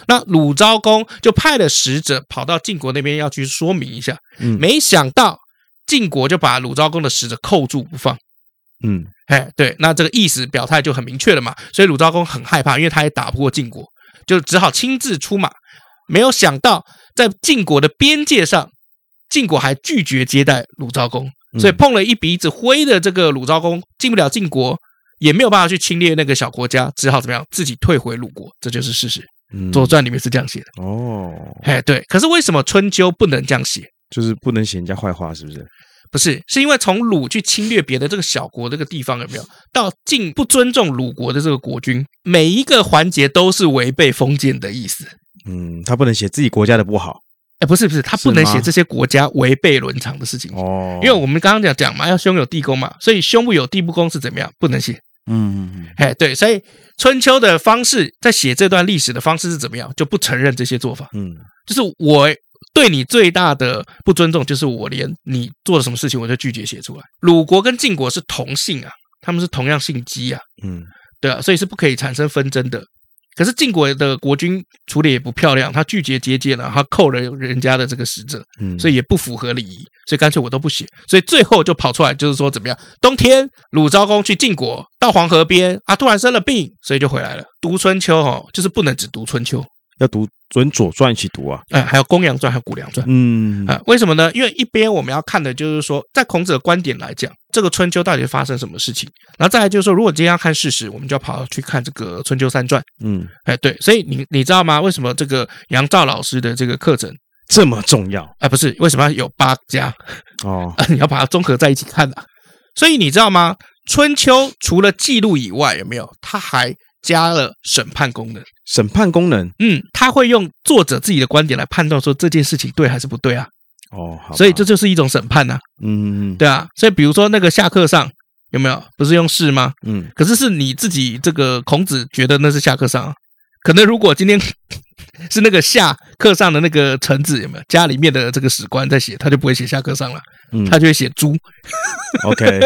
那魯昭公就派了使者跑到晉國那邊要去說明一下，沒想到晉國就把魯昭公的使者扣住不放。嗯，哎，對，那這個意思表態就很明確了嘛。所以魯昭公很害怕，因為他也打不過晉國，就只好親自出馬。沒有想到在晉國的邊界上，晉國還拒絕接待魯昭公，所以碰了一鼻子灰的這個魯昭公進不了晉國，也沒有辦法去侵略那個小國家，只好怎麼樣自己退回魯國，這就是事實。左傳裡面是這樣寫的。嗯、哦，哎對，可是為什麼春秋不能這樣寫？就是不能寫人家壞話，是不是？不是，是因為從魯去侵略別的這個小國這個地方有沒有？到晉不尊重魯國的這個國君，每一個環節都是違背封建的意思。嗯，他不能寫自己國家的不好。哎，欸，不是不是，他不能寫這些國家違背倫常的事情哦。因為我們剛剛講講嘛，要兄友弟恭嘛，所以兄不友弟不恭是怎麼樣？不能寫。嗯嗯嗯嗯，嘿，對，所以春秋的方式在寫這段歷史的方式是怎麼樣？就不承認這些做法。嗯，就是我對你最大的不尊重，就是我連你做了什麼事情，我就拒絕寫出來。魯國跟晉國是同姓啊，他們是同樣姓姬啊。嗯，對啊，所以是不可以產生紛爭的。可是晉國的國君處理也不漂亮，他拒絕接見了，他扣了人家的這個使者，所以也不符合禮儀，所以乾脆我都不寫，所以最後就跑出來就是說怎麼樣？冬天魯昭公去晉國，到黃河邊，啊，突然生了病，所以就回來了。讀春秋哦，就是不能只讀春秋。要讀準《左傳》一起讀啊、嗯，哎，還有《公羊傳》還有《谷梁傳》，嗯啊，為什麼呢？因為一邊我們要看的就是說，在孔子的觀點來講，這個春秋到底發生什麼事情，然後再來就是說，如果今天要看事實，我們就要跑去看這個《春秋三傳》，嗯哎，哎對，所以你你知道嗎？為什麼這個楊照老師的這個課程這麼重要啊？不是為什麼要有八家哦、啊？你要把它綜合在一起看的、啊。所以你知道嗎？春秋除了記錄以外，有沒有它還？加了審判功能，審判功能，嗯，他會用作者自己的觀點來判斷說，這件事情對還是不對啊？哦，所以這就是一種審判吶、啊，嗯嗯，對啊，所以比如說那個下克上有沒有不是用弒嗎？嗯，可是是你自己這個孔子覺得那是下克上、啊，可能如果今天 是那個下克上的那個臣子有沒有家裡面的這個史官在寫，他就不會寫下克上了，嗯，他就會寫誅、 嗯、 ，OK，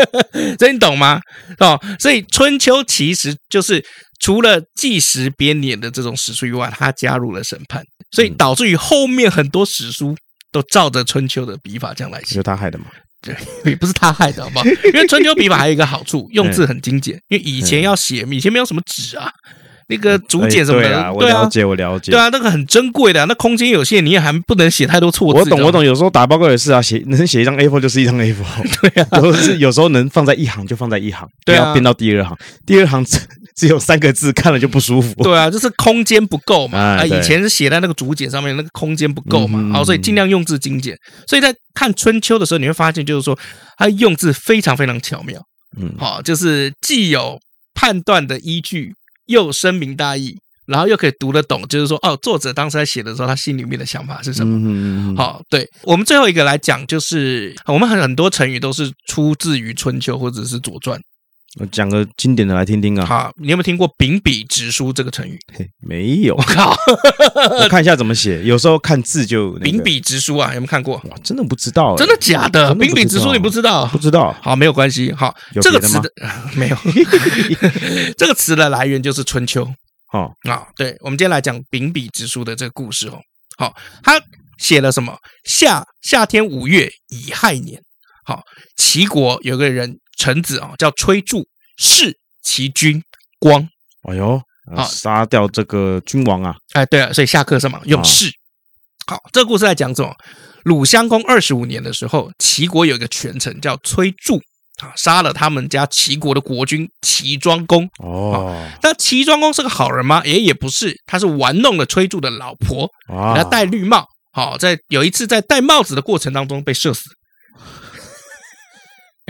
這你懂嗎？哦，所以春秋其實就是。除了記時編年的這種史書以外，他加入了審判，所以導致於後面很多史書都照着《春秋》的筆法這樣來寫。就他害的嘛？對，也不是他害的，好不好？ 因為《春秋》筆法還有一個好處，用字很精簡。欸、因為以前要寫，欸、以前沒有什麼紙啊，欸、那個竹簡什麼的。欸、對啊，我了解、啊，我了解。對啊，那個很珍貴的、啊，那空間有限，你也還不能寫太多錯字。我懂，我懂。有時候打報告也是啊，寫能寫一張 A4 就是一張 A4。對啊，都是有時候能放在一行就放在一行，對啊，變到第二行，第二行。 只有三個字，看了就不舒服。對啊，就是空間不夠嘛啊！以前是寫在那個竹簡上面，那個空間不夠嘛，嗯嗯，好，所以盡量用字精簡。所以在看《春秋》的時候，你會發現，就是說，他用字非常非常巧妙，嗯，好，就是既有判斷的依據，又深明大義，然後又可以讀得懂，就是說，哦，作者當時在寫的時候，他心裡面的想法是什麼？嗯哼嗯嗯。好，對，我們最後一個來講，就是我們很很多成語都是出自於《春秋》或者是左《左傳》。我講個經典的來聽聽啊！好，你有沒有聽過“秉筆直書”這個成語？嘿，沒有，我靠！我看一下怎麼寫。有時候看字就、那個“秉筆直書”啊，有沒有看過？哇，真的不知道、欸，真的假的？“秉筆直書”你不知道？不知道。好，沒有關係。好，這個詞的，沒有 這個詞的來源就是《春秋》哦啊。對，我們今天來講“秉筆直書”的這個故事哦。好，他寫了什麼？夏夏天五月乙亥年，好，齊國有個人。臣子啊，叫崔杼弒其君光。哎呦啊，殺掉這個君王啊！哎，對了、啊，所以下課是嗎，用弒、哦。好，這個故事在講什麼？魯襄公二十五年的時候，齊國有一個權臣叫崔杼啊，殺了他們家齊國的國君齊莊公。哦，那齊莊公是個好人嗎？也也不是，他是玩弄了崔杼的老婆，給、哦、他戴綠帽。好、哦，在有一次在戴帽子的過程當中被射死。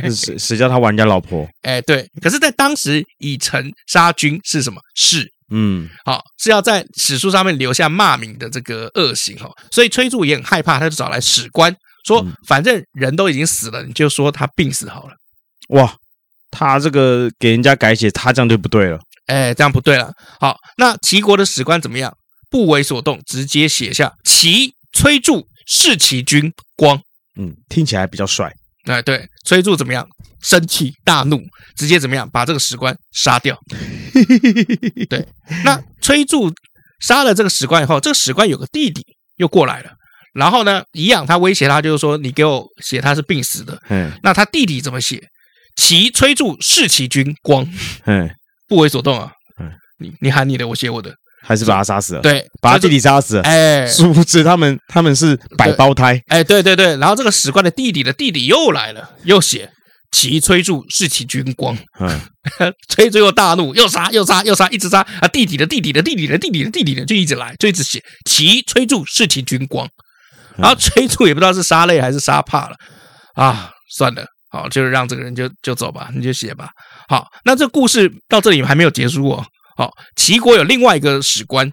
誰誰叫他玩人家老婆？哎、欸，對，可是，在當時，以臣殺君是什麼是，嗯，好、哦，是要在史書上面留下罵名的這個惡行哈、哦。所以崔杼也很害怕，他就找來史官說：“反正人都已經死了，你就說他病死好了。嗯”哇，他這個給人家改寫，他這樣就不對了。哎、欸，這樣不對了。好，那齊國的史官怎麼樣？不為所動，直接寫下：“齊崔杼弒其君光。”嗯，聽起來比較帥。對對，崔杼怎麼樣？生氣、大怒，直接怎麼樣？把這個史官殺掉。 對，那崔杼殺了這個史官以後，這個史官有個弟弟又過來了，然後呢，一樣，他威脅他，就是說，你給我寫他是病死的。嗯，那他弟弟怎麼寫？齊崔杼弒其君光。嗯，不為所動啊。嗯，你你喊你的，我寫我的。還是把他殺死了。對，把他弟弟殺死了是。哎、欸，叔侄，他們他們是百胞胎，欸。哎，對對對。然後這個史官的弟弟的弟弟又來了，又寫其崔杼弒其君光。嗯，崔 杼又大怒，又殺，又殺，又殺，一直殺啊！弟弟的弟弟的弟弟的弟弟的弟弟的就一直來，就一直寫其崔杼弒其君光，嗯。然後崔杼也不知道是殺累還是殺怕了，啊，算了，好，就是讓這個人就就走吧，你就寫吧。好，那這故事到這裡還沒有結束哦。好、哦，齊國有另外一個史官，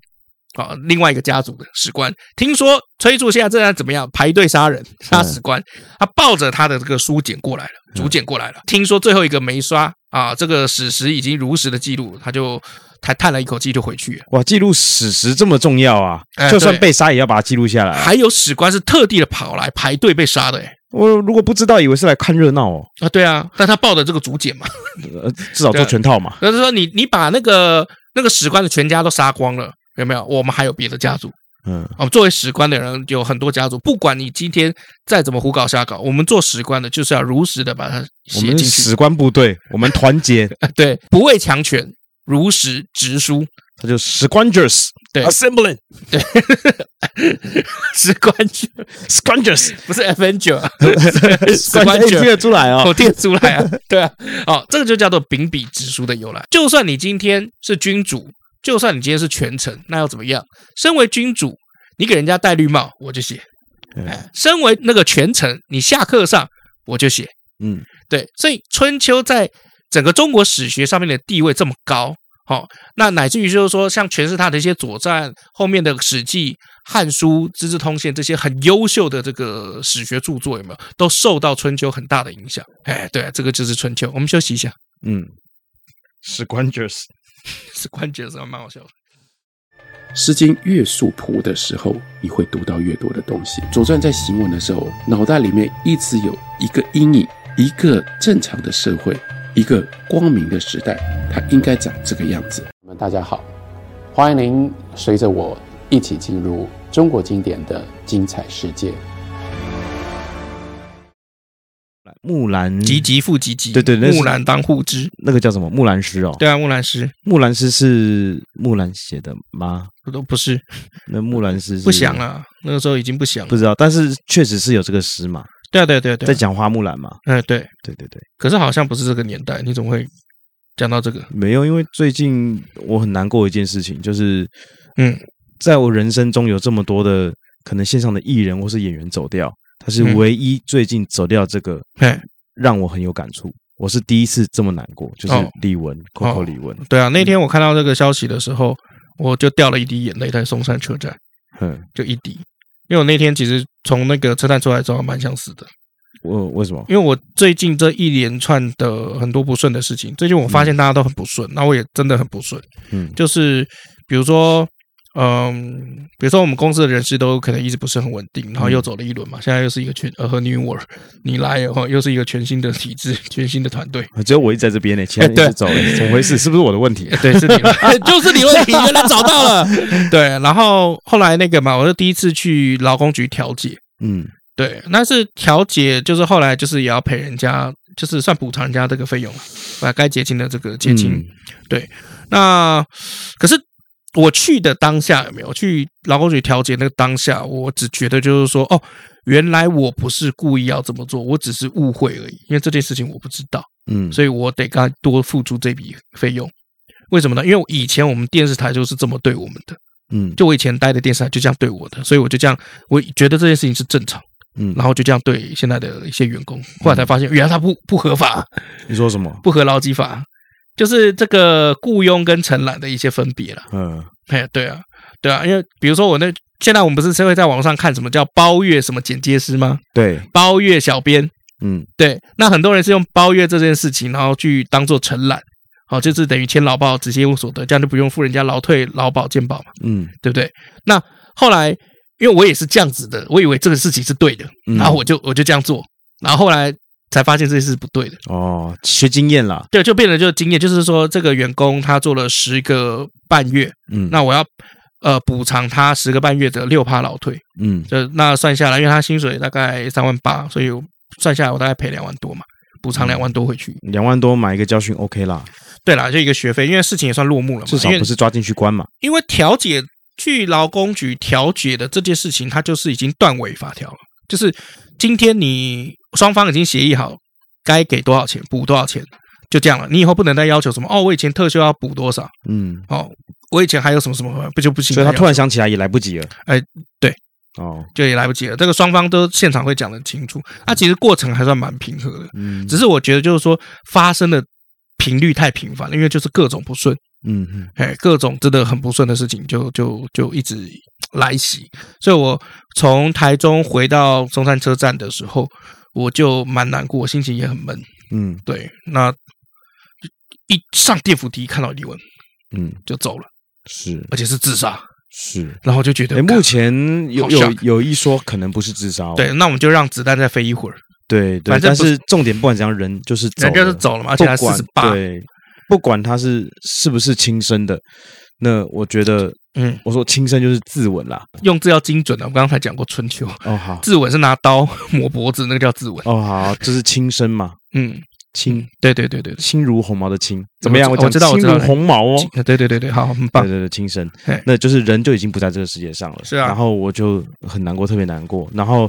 啊、哦，另外一個家族的史官，聽說崔杼現在正在怎麼樣排隊殺人殺史官，他抱着他的這個書簡過來了，竹、嗯、簡過來了，聽說最後一個沒殺啊，這個史實已經如實的記錄，他就他嘆了一口氣就回去了。哇，記錄史實這麼重要啊，就算被殺也要把它記錄下來、欸。還有史官是特地的跑來排隊被殺的哎、欸。我如果不知道，以為是來看熱鬧哦。啊，對啊，但他抱的這個竹簡嘛、呃，至少做全套嘛。啊、就是說你，你你把那個那個史官的全家都殺光了，有沒有？我們還有別的家族。嗯，我們作為史官的人有很多家族，不管你今天再怎麼胡搞瞎搞，我們做史官的就是要如實的把它寫進去。我們史官部隊，我們團結， 對，不畏強權，如實直書。他就 Squanders 對，Assembling，對 Squanders Squanders 不是 Avenger，Squanders Scrumgeous ,聽 出來哦，我聽出來啊， 對啊，哦，這個就叫做秉筆直書的由來。就算你今天是君主，就算你今天是權臣，那要怎麼樣？身為君主，你給人家戴綠帽，我就寫；身為那個權臣，你下課上，我就寫。嗯，對，所以春秋在整個中國史學上面的地位這麼高。好、哦，那乃至於就是說，像全是他的一些《左傳》後面的《史記》《漢書》《資治通鑑》這些很優秀的這個史學著作有沒有，都受到《春秋》很大的影響。哎，對、啊，這個就是《春秋》。我們休息一下。嗯，關就是史官、就是，是是史官，是蠻好笑的。《詩經》越素樸的時候，你會讀到越多的東西。《左傳》在行文的時候，腦袋裡面一直有一個陰影，一個正常的社會。一個光明的時代，它應該長這個樣子。我們大家好，歡迎您隨着我一起進入中國經典的精彩世界。木蘭，唧唧復唧唧，對對對，木蘭當戶織，那個叫什麼？木蘭詩哦。對啊，木蘭詩，木蘭詩是木蘭寫的嗎？不都不是，那木蘭詩不想了，啊，那個時候已經不想了，不知道，但是確實是有這個詩嘛。對啊，對啊對啊對啊，在講花木蘭嘛。哎，對，對對對,對。可是好像不是這個年代，你怎麼會講到這個？沒有，因為最近我很難過一件事情，就是嗯，在我人生中有這麼多的可能，線上的藝人或是演員走掉，他是唯一最近走掉這個，讓我很有感觸。我是第一次這麼難過，就是李玟，Coco 李玟、哦。對啊，那天我看到這個消息的時候，我就掉了一滴眼淚在松山車站，嗯，就一滴。因為我那天其實從那個車站出來之後蠻想死的，為為什麼？因為我最近這一連串的很多不順的事情，最近我發現大家都很不順，那我也真的很不順。嗯，就是比如說。嗯，比如說我們公司的人事都可能一直不是很穩定，然後又走了一輪嘛，現在又是一個全呃和 New World 你來，以後又是一個全新的體制、全新的團隊，只有我一直在這邊呢、欸，其他人都走了、欸，怎麼回事？是不是我的問題、啊？對，是你就是你問題，原 來找到了， 對。然後後來那個嘛，我是第一次去勞工局調解，嗯，對，那是調解，就是後來就是也要賠人家，就是算補償人家這個費用把該結清的這個結清、嗯。對，那可是。我去的當下有沒有我去勞工局調解？那個當下，我只覺得就是說，哦，原來我不是故意要這麼做，我只是誤會而已。因為這件事情我不知道，嗯，所以我得剛才多付出這筆費用。嗯、為什麼呢？因為以前我們電視台就是這麼對我們的，嗯，就我以前待的電視台就這樣對我的，所以我就這樣，我覺得這件事情是正常，嗯，然後就這樣對現在的一些員工，嗯、後來才發現，原來他不不合法。你說什麼？不合勞基法。就是這個僱傭跟承攬的一些分別了。嗯，嘿，對啊，對啊，因為比如說我那現在我們不是都會在網上看什麼叫包月什麼剪接師嗎？對，包月小編。嗯，對。那很多人是用包月這件事情，然後去當做承攬，好、哦，就是等於簽勞保，直接用無所得，這樣就不用付人家勞退、勞保、健保嘛。嗯，對不對？那後來，因為我也是這樣子的，我以為這個事情是對的，然後我就、嗯、我就這樣做，然後後來。才發現這是不對的哦，學經驗啦，對，就變成就是經驗，就是說這個員工他做了十個半月，嗯，那我要呃補償他十個半月的六趴老退，嗯，就那算下來，因為他薪水大概三萬八，所以算下來我大概賠兩萬多嘛，補償兩萬多回去，嗯，兩萬多買一個教訓，OK 啦，對啦，就一個學費，因為事情也算落幕了嘛，至少不是抓進去關嘛，因為調解去勞工局調解的這件事情，他就是已經斷尾法條了，就是今天你，雙方已經協議好，該給多少錢補多少錢，就這樣了。你以後不能再要求什麼哦。我以前特休要補多少，嗯，哦，我以前還有什麼什麼不就不行？所以，他突然想起來也來不及了。哎、欸，對，哦，就也來不及了。這個雙方都現場會講得很清楚。那、啊、其實過程還算蠻平和的，嗯，只是我覺得就是說發生的頻率太頻繁了，因為就是各種不順，嗯嗯，哎，各種真的很不順的事情就就就,就一直來襲。所以我從台中回到松山車站的時候。我就蠻難過，心情也很悶。嗯，對，那一上電扶梯看到李玟，嗯，就走了，是，而且是自殺，是，然後就覺得、欸、目前有有有一說可能不是自殺，對，那我們就讓子彈再飛一會兒，對，對反正是，但是重點，不管怎樣，人就是人，就都走了嘛，不管而且他48，對，不管他是是不是輕生的，那我覺得。嗯，我說輕生就是自刎啦，用字要精準的、啊。我剛才講過《春秋》哦，好，自刎是拿刀磨脖子，那個叫自刎哦，好，這是輕生嘛？嗯，輕、嗯，對對對對，對，輕如鴻毛的輕，怎麼樣？嗯、我知道，輕如鴻毛哦，對對對對，好，很棒。對對對，輕生，那就是人就已經不在這個世界上了，是啊。然後我就很難過，特別難過。然後，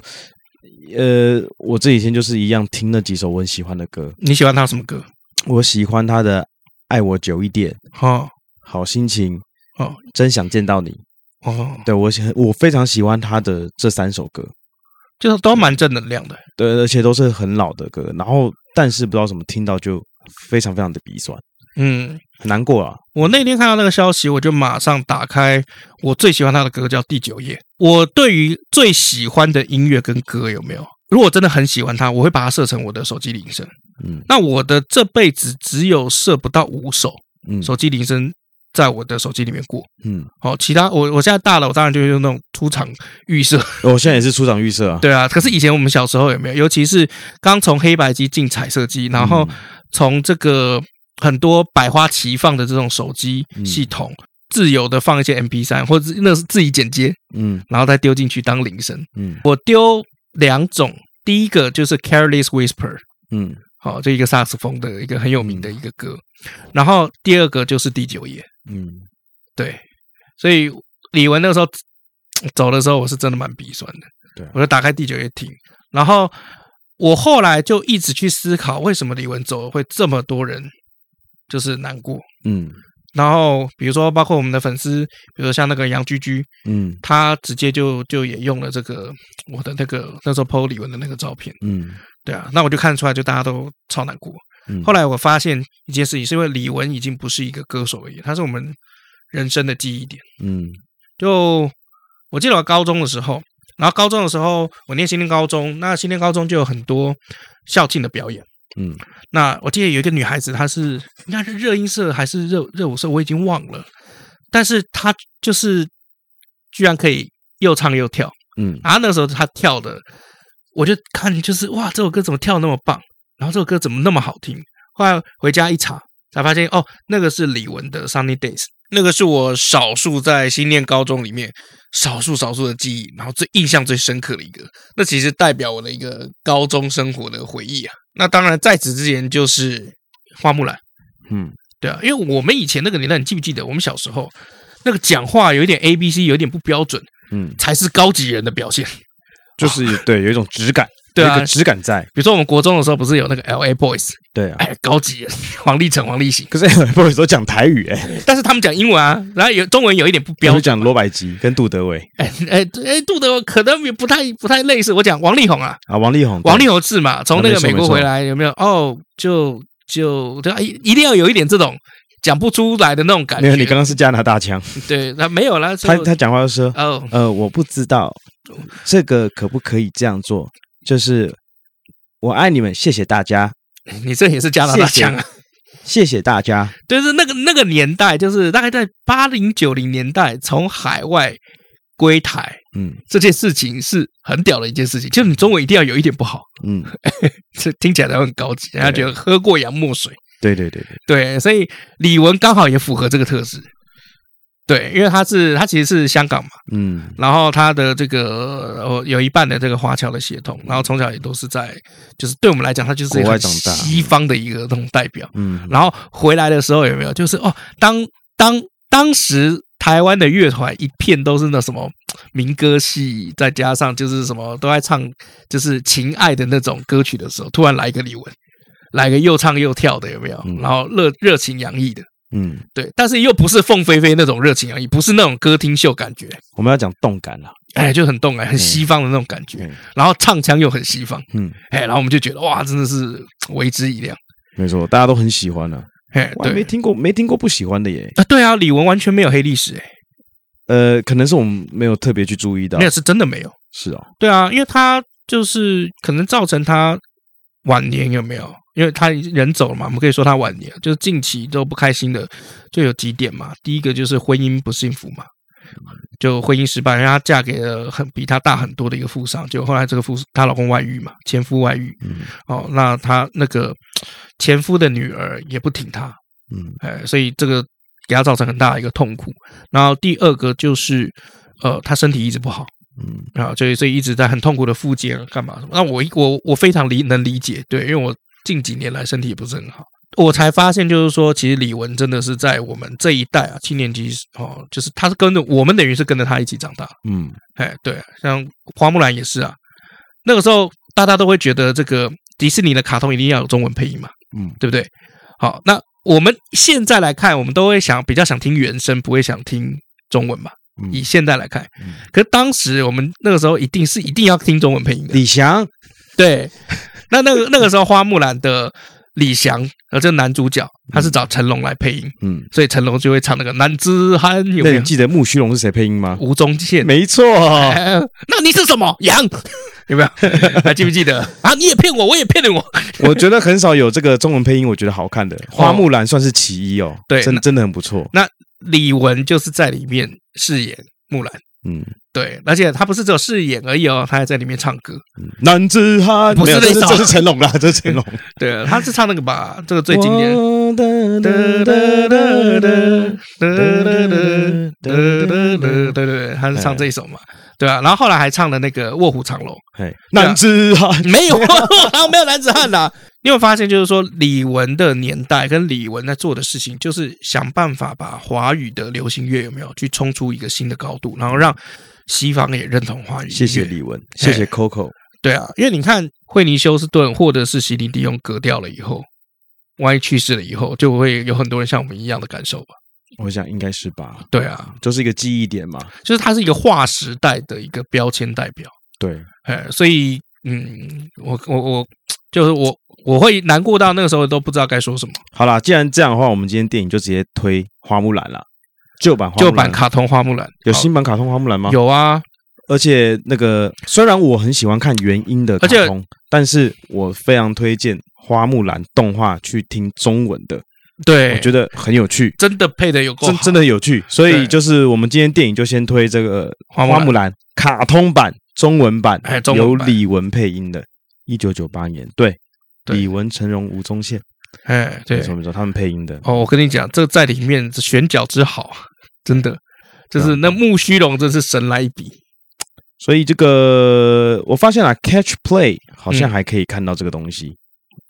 呃，我這幾天就是一樣聽那幾首我很喜歡的歌。你喜歡他什麼歌？我喜歡他的《愛我久一點》。好，好心情。哦，真想見到你哦！對我很，我非常喜歡他的這三首歌，就是都蠻正能量的。對，而且都是很老的歌。然後，但是不知道怎麼聽到就非常非常的鼻酸。嗯，很難過啊。我那天看到那個消息，我就馬上打開我最喜歡他的歌，叫《第九頁》。我對於最喜歡的音樂跟歌有沒有？如果真的很喜歡它，我會把它設成我的手機鈴聲。嗯，那我的這輩子只有設不到五首、嗯、手機鈴聲。在我的手機裡面過，嗯，好，其他我我現在大了，我當然就會用那種出廠預設。我現在也是出廠預設啊， 對啊。可是以前我們小時候有沒有？尤其是剛從黑白機進彩色機，然後從這個很多百花齊放的這種手機系統，自由的放一些 MP 三，或者是那是自己剪接，嗯，然後再丟進去當鈴聲，嗯，我丟兩種，第一個就是 Careless Whisper，嗯，好，這一個薩克斯風的一個很有名的一個歌，然後第二個就是第九頁。嗯，對，所以李玟那個時候走的時候，我是真的蠻鼻酸的。對、啊，我就打開第九頁聽，然後我後來就一直去思考，為什麼李玟走了會這麼多人就是難過？嗯，然後比如說，包括我們的粉絲，比如說像那個楊居居，嗯，他直接就就也用了這個我的那個那時候 po 李玟的那個照片，嗯，對啊，那我就看得出來，就大家都超難過。嗯、後來我發現一件事情，是因為李玟已經不是一個歌手而已，她是我們人生的記憶點。嗯，就我記得我高中的時候，然後高中的時候我念新店高中，那新店高中就有很多校慶的表演。嗯，那我記得有一個女孩子，她是應該是熱音社還是熱熱舞社，我已經忘了，但是她就是居然可以又唱又跳。嗯、啊，然後那個時候她跳的，我就看就是哇，這首歌怎麼跳那麼棒？然後這首歌怎麼那麼好聽？後來回家一查，才發現哦，那個是李玟的《Sunny Days》，那個是我少數在新念高中裡面少數少數的記憶，然後最印象最深刻的一個。那其實代表我的一個高中生活的回憶啊。那當然在此之前就是花木蘭，嗯，對啊，因為我們以前那個年代，你記不記得我們小時候那個講話有點 ABC，有點不標準，嗯，才是高級人的表現，就是對，有一種質感。對啊，只敢在比如說我們國中的時候，不是有那個 LA Boys？對啊，哎、高級人，王力成、王力行。可是 LA Boys 都講台語哎，但是他們講英文啊。然後有中文有一點不標準，我講羅百吉跟杜德偉。哎哎杜德偉可能也不太不太類似。我講王力宏啊，啊，王力宏，王力宏是嘛？從那個美國回來、啊、沒錯沒錯、有沒有？哦，就就對，一定要有一點這種講不出來的那種感覺。沒有，你剛剛是加拿大腔， 對，那、啊、沒有啦。他他講話就說哦，呃，我不知道這個可不可以這樣做。就是我愛你們，謝謝大家。你這也是加拿大腔啊！謝，謝謝大家。就是那個那個年代，就是大概在八零九零年代，從海外歸台，嗯，這件事情是很屌的一件事情。就你中文一定要有一點不好，嗯， 這聽起來都很高級，然後就喝過洋墨水。對對對對。對，所以李玟剛好也符合這個特質。對，因為他是他其實是香港嘛，嗯，然後他的這個有、呃、有一半的這個華僑的血統，然後從小也都是在，就是對我們來講，他就是一個西方的一個那種代表，嗯，然後回來的時候有沒有？就是哦，當當當時台灣的樂團一片都是那什麼民歌系，再加上就是什麼都愛唱就是情愛的那種歌曲的時候，突然來一個李玟，來個又唱又跳的有沒有？然後熱熱情洋溢的。嗯，對，但是又不是鳳飛飛那種熱情而已，不是那種歌廳秀感覺。我們要講動感了，啊，哎，欸，就很動感，很西方的那種感覺，嗯，然後唱腔又很西方，嗯，欸，嘿，然後我們就覺得哇，真的是為之一亮。沒錯，大家都很喜歡呢，啊，哎，欸，沒聽過對，沒聽過不喜歡的耶。啊，呃，對啊，李玟完全沒有黑歷史誒，欸。呃，可能是我們沒有特別去注意到，那是真的沒有，是啊，哦，對啊，因為他就是可能造成他。晚年有沒有？因為他人走了嘛，我們可以說他晚年就是近期都不開心的，就有幾點嘛。第一個就是婚姻不幸福嘛，就婚姻失敗，人家嫁給了很比她大很多的一個富商，就後來這個富她老公外遇嘛，前夫外遇，嗯、哦，那她那個前夫的女兒也不挺她，嗯，哎，所以這個給她造成很大的一個痛苦。然後第二個就是呃，她身體一直不好。嗯好，啊，所以所以一直在很痛苦的復健、啊，幹嘛什麼？那我我我非常理能理解，對，因為我近幾年來身體也不是很好，我才發現就是說，其實李玟真的是在我們這一代啊，七年級哦，就是他是跟着我們，等於是跟着他一起長大。嗯，哎，對，像花木蘭也是啊，那個時候大家都會覺得這個迪士尼的卡通一定要有中文配音嘛，嗯，對不對？好，那我們現在來看，我們都會想比較想聽原聲，不會想聽中文嘛？以現在來看，可是當時我們那個時候一定是一定要聽中文配音的。李翔，對，那那個那個時候《花木蘭》的李翔，呃，這個男主角他是找成龍來配音，嗯，所以成龍就會唱那個《男子漢》，有沒有？那你記得木須龍是誰配音嗎？吳宗憲，沒錯。 那你是什麼羊？ 有沒有 還記不記得啊？你也騙我，我也騙了我。 我覺得很少有這個中文配音，我覺得好看的《花木蘭》算是其一哦，哦。對，真的真的很不錯。那李玟就是在裡面飾演木蘭，嗯，對，而且他不是只有飾演而已哦，他還在裡面唱歌。男子漢不是那首，不是，這是成龍啦。 這是成龍，對、啊，他是唱那個吧，這個最經典。對對對，他是唱這一首嘛，對啊，然後後來還唱了那個長《臥虎藏龍》。男子漢，沒有、啊， 然後沒有男子漢啊。你有發現，就是說李玟的年代跟李玟在做的事情,就是想辦法把華語的流行樂有沒有去衝出一個新的高度，然後讓西方也認同華語。謝謝李玟，謝謝 Coco。對啊，因為你看惠妮休斯頓或者是席琳迪翁隔掉了以後，萬一去世了以後，就會有很多人像我們一樣的感受吧？我想應該是吧。對啊，就是一個記憶點嘛，就是它是一個劃時代的一個標籤代表。對，哎，所以嗯，我我我就是我。我會難過到那個時候都不知道該說什麼。好啦，既然這樣的話，我們今天電影就直接推花木蘭了，舊版花木蘭，舊版卡通花木蘭，有新版卡通花木蘭嗎？有啊，而且那個，雖然我很喜歡看原音的卡通，而且，但是我非常推薦花木蘭動畫去聽中文的，對，我覺得很有趣，真的配的有夠好，真，真的有趣。所以就是我們今天電影就先推這個花木蘭，花木蘭，卡通版，中文版，哎，中文版，有李玟配音的，一九九八年，對，李文、成龍、吳宗憲，哎，沒錯沒錯，他們配音的。哦，我跟你講，這個在裡面這選角之好，真的就是那木須龍，真是神來一筆。所以這個我發現啊，Catch Play 好像還可以看到這個東西，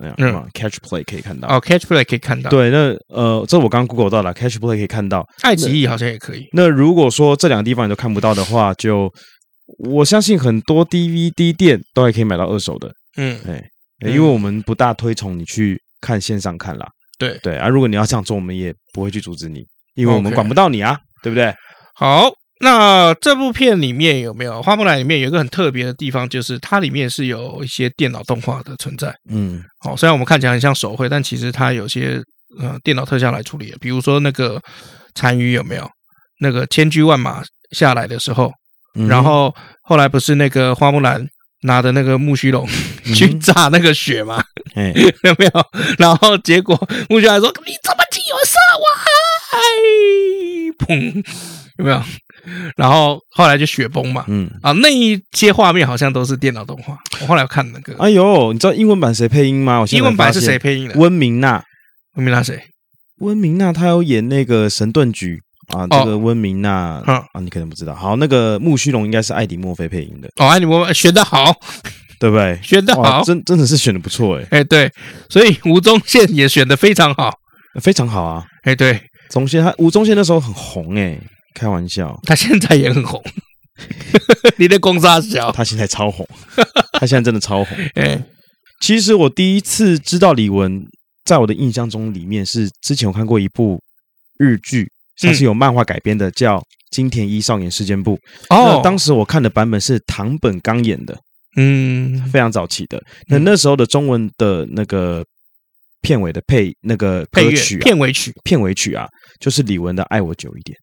嗯。嗯，Catch Play 可以看到。哦，Catch Play 可以看到，哦。對，那呃，這我剛 Google 到了，Catch Play 可以看到。愛奇藝好像也可以。那如果說這兩個地方你都看不到的話，就我相信很多 DVD 店都還可以買到二手的。嗯，哎。因為我們不大推崇你去看線上看啦，對對啊！如果你要這樣做，我們也不會去阻止你，因為我們管不到你啊，對不對？Okay. 好，那這部片裡面有沒有《花木蘭》裡面有一個很特別的地方，就是它裡面是有一些電腦動畫的存在。嗯，好，雖然我們看起來很像手繪，但其實它有些呃電腦特效來處理的，比如說那個殘餘有沒有？那個千軍萬馬下來的時候、嗯，然後後來不是那個花木蘭。拿着那個木須龍去炸那個雪嘛、mm，-hmm. 有沒有？然後結果木須龍還說：“你怎麼替我殺我？”砰，有沒有？然後後來就雪崩嘛。嗯、mm -hmm. 啊，那一些畫面好像都是電腦動畫。我後來看那個，哎呦，你知道英文版誰配音嗎？我現在現英文版是誰配音的？溫明娜。溫明娜誰？溫明娜她有演那個神盾局。啊，啊，這個溫明娜，哦，啊，你可能不知道。好，那個木須龍應該是艾迪墨菲配音的。哦，艾迪墨菲選的好，對不對？選的好，真真的是選的不錯，欸，哎，欸，誒，對。所以吳宗憲也選的非常好，非常好啊。哎，欸，對，宗憲他吳宗憲那時候很紅，欸，哎，開玩笑，他現在也很紅。 你的公殺小，他現在超紅， 他現在真的超紅。誒，嗯欸。其實我第一次知道李玟，在我的印象中，裡面是之前我看過一部日劇。它是有漫畫改編的，叫《金田一少年事件簿》。哦、嗯，當時我看的版本是堂本剛演的，嗯，非常早期的。那那時候的中文的那個片尾的配那個歌曲、啊、配樂，片尾曲、啊，片尾曲啊，就是李玟的《愛我久一點》。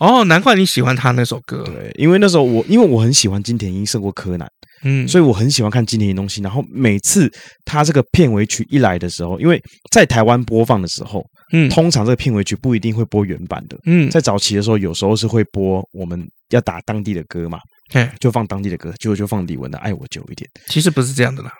哦，難怪你喜歡他那首歌。對，因為那時候我因為我很喜歡金田一勝過柯南，嗯，所以我很喜歡看金田一東西。然後每次他這個片尾曲一來的時候，因為在台灣播放的時候。嗯，通常這個片尾曲不一定會播原版的。嗯，在早期的時候，有時候是會播我們要打當地的歌嘛。 就放當地的歌，就就放李玟的《愛我久一點》。其實不是這樣的啦，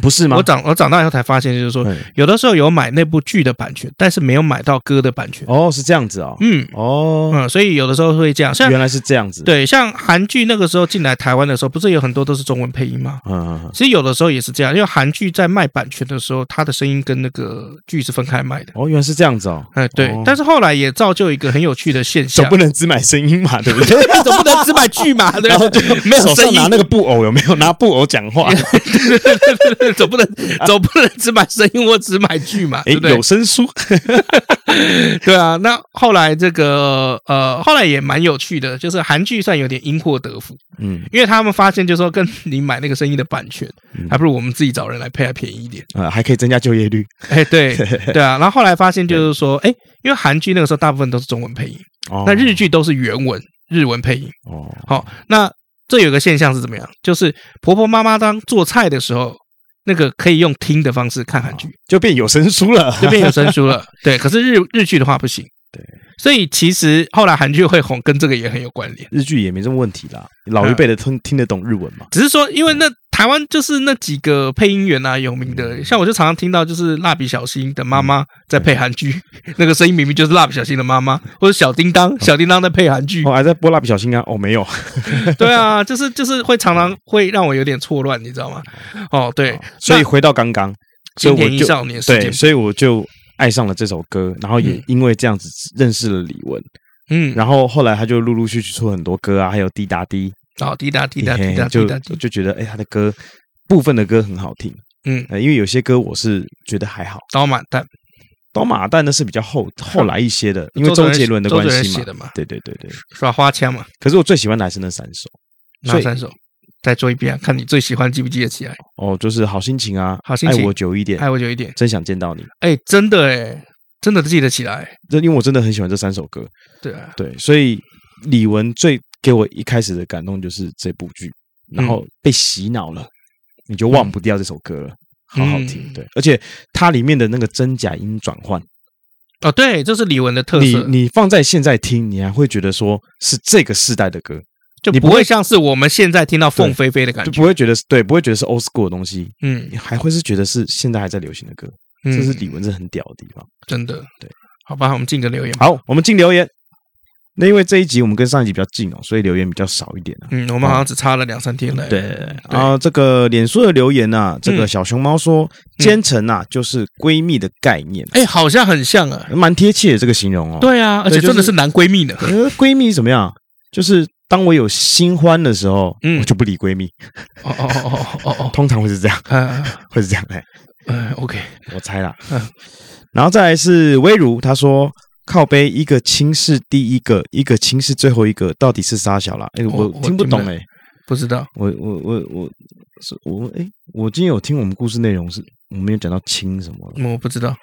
不是嗎？我長我長大以後才發現，就是說有的時候有買那部劇的版權，但是沒有買到歌的版權。哦，是這樣子哦。嗯，哦，嗯，所以有的時候會這樣。像，原來是這樣子。對，像韓劇那個時候進來台灣的時候，不是有很多都是中文配音嗎？嗯，嗯嗯嗯，其實有的時候也是這樣，因為韓劇在賣版權的時候，他的聲音跟那個劇是分開賣的。哦，原來是這樣子哦。哎、嗯，對、哦。但是後來也造就一個很有趣的現象，總不能只買聲音嘛，對不對？ 總不能只買劇嘛，對不對？沒有聲音拿那個布偶有沒有拿布偶講話 對對對對對？總不能總不能只買聲音，我只買劇嘛、欸對不對？有聲書， 對啊。那後來這個呃，後來也蠻有趣的，就是韓劇算有點因禍得福，嗯，因為他們發現就是說，跟你買那個聲音的版權，嗯、還不如我們自己找人來配，還便宜一點啊、呃，還可以增加就業率。哎、 欸，對對啊。然後後來發現就是說、欸，因為韓劇那個時候大部分都是中文配音，哦，那日劇都是原文日文配音，哦，好那。這有一個現象是怎麼樣？就是婆婆媽媽當做菜的時候，那個可以用聽的方式看韓劇，啊、就變有聲書了，就變有聲書了。 對，可是日日劇的話不行。對，所以其實後來韓劇會紅，跟這個也很有關聯。日劇也沒什麼問題啦，老一輩的聽、嗯、聽得懂日文嘛。只是說，因為那。嗯台灣就是那幾個配音員啊，有名的、欸，像我就常常聽到，就是蠟筆小新的媽媽在配韓劇，那個聲音明明就是蠟筆小新的媽媽，或者小叮噹，小叮噹在配韓劇，哦，還在播蠟筆小新啊，哦沒有， 對啊，就是就是會常常會讓我有點錯亂，你知道嗎？哦對，所以回到剛剛，經典少年，對，所以我就愛上了這首歌，然後也因為這樣子認識了李玟，嗯，然後後來他就陸陸續續出很多歌啊，還有滴答滴。然後滴答滴答滴答滴答，滴答滴答欸、就就覺得哎、欸，他的歌部分的歌很好聽，嗯、欸，因為有些歌我是覺得還好。刀馬旦，刀馬旦呢是比較後後來一些的，因為周杰倫的關係嘛，嘛，對對對對，耍花槍嘛。可是我最喜歡的還是那三首，哪三首再做一遍、啊，看你最喜歡記不記得起來。哦，就是好心情啊，好心情，愛我久一點，愛我久一點，真想見到你，哎、欸，真的哎、欸，真的記得起來，這因為我真的很喜歡這三首歌，對啊，對，所以李玟最。給我一開始的感動就是這部劇，然後被洗腦了、嗯，你就忘不掉這首歌了、嗯，好好聽，對，而且它裡面的那個真假音轉換，哦，對，這是李玟的特色。你你放在現在聽，你還會覺得說是這個時代的歌，就你不會像是我們現在聽到鳳飛飛的感覺，就不會覺得是對，不會覺得是 old school 的東西，嗯，你還會是覺得是現在還在流行的歌，嗯、這是李玟是很屌的地方，真的對。好吧，我們進個留言，好，我們進留言。那因為這一集我們跟上一集比較近哦、喔，所以留言比較少一點、啊、嗯，我們好像只差了兩三天來了、嗯。對，對，對，對、啊，然後這個臉書的留言啊，這個小熊貓說：“奸臣吶，就是閨蜜的概念。嗯”哎、喔欸，好像很像啊，蠻貼切的這個形容哦、喔。對啊，而且、就是、真的是男閨蜜呢、呃。閨蜜怎麼樣？就是當我有新歡的時候，嗯，我就不理閨蜜、嗯。 哦哦哦哦哦，哦， 通常會是這樣、嗯， 會是這樣哎。OK 我猜啦、嗯。然後再來是微如，他說。靠背一個親是第一個，一個親是最後一個，到底是啥小啦、欸、我聽不懂哎、欸欸，不知道。我我我我我哎、欸，我今天有聽我們故事內容是，我沒有講到親什麼我不知道，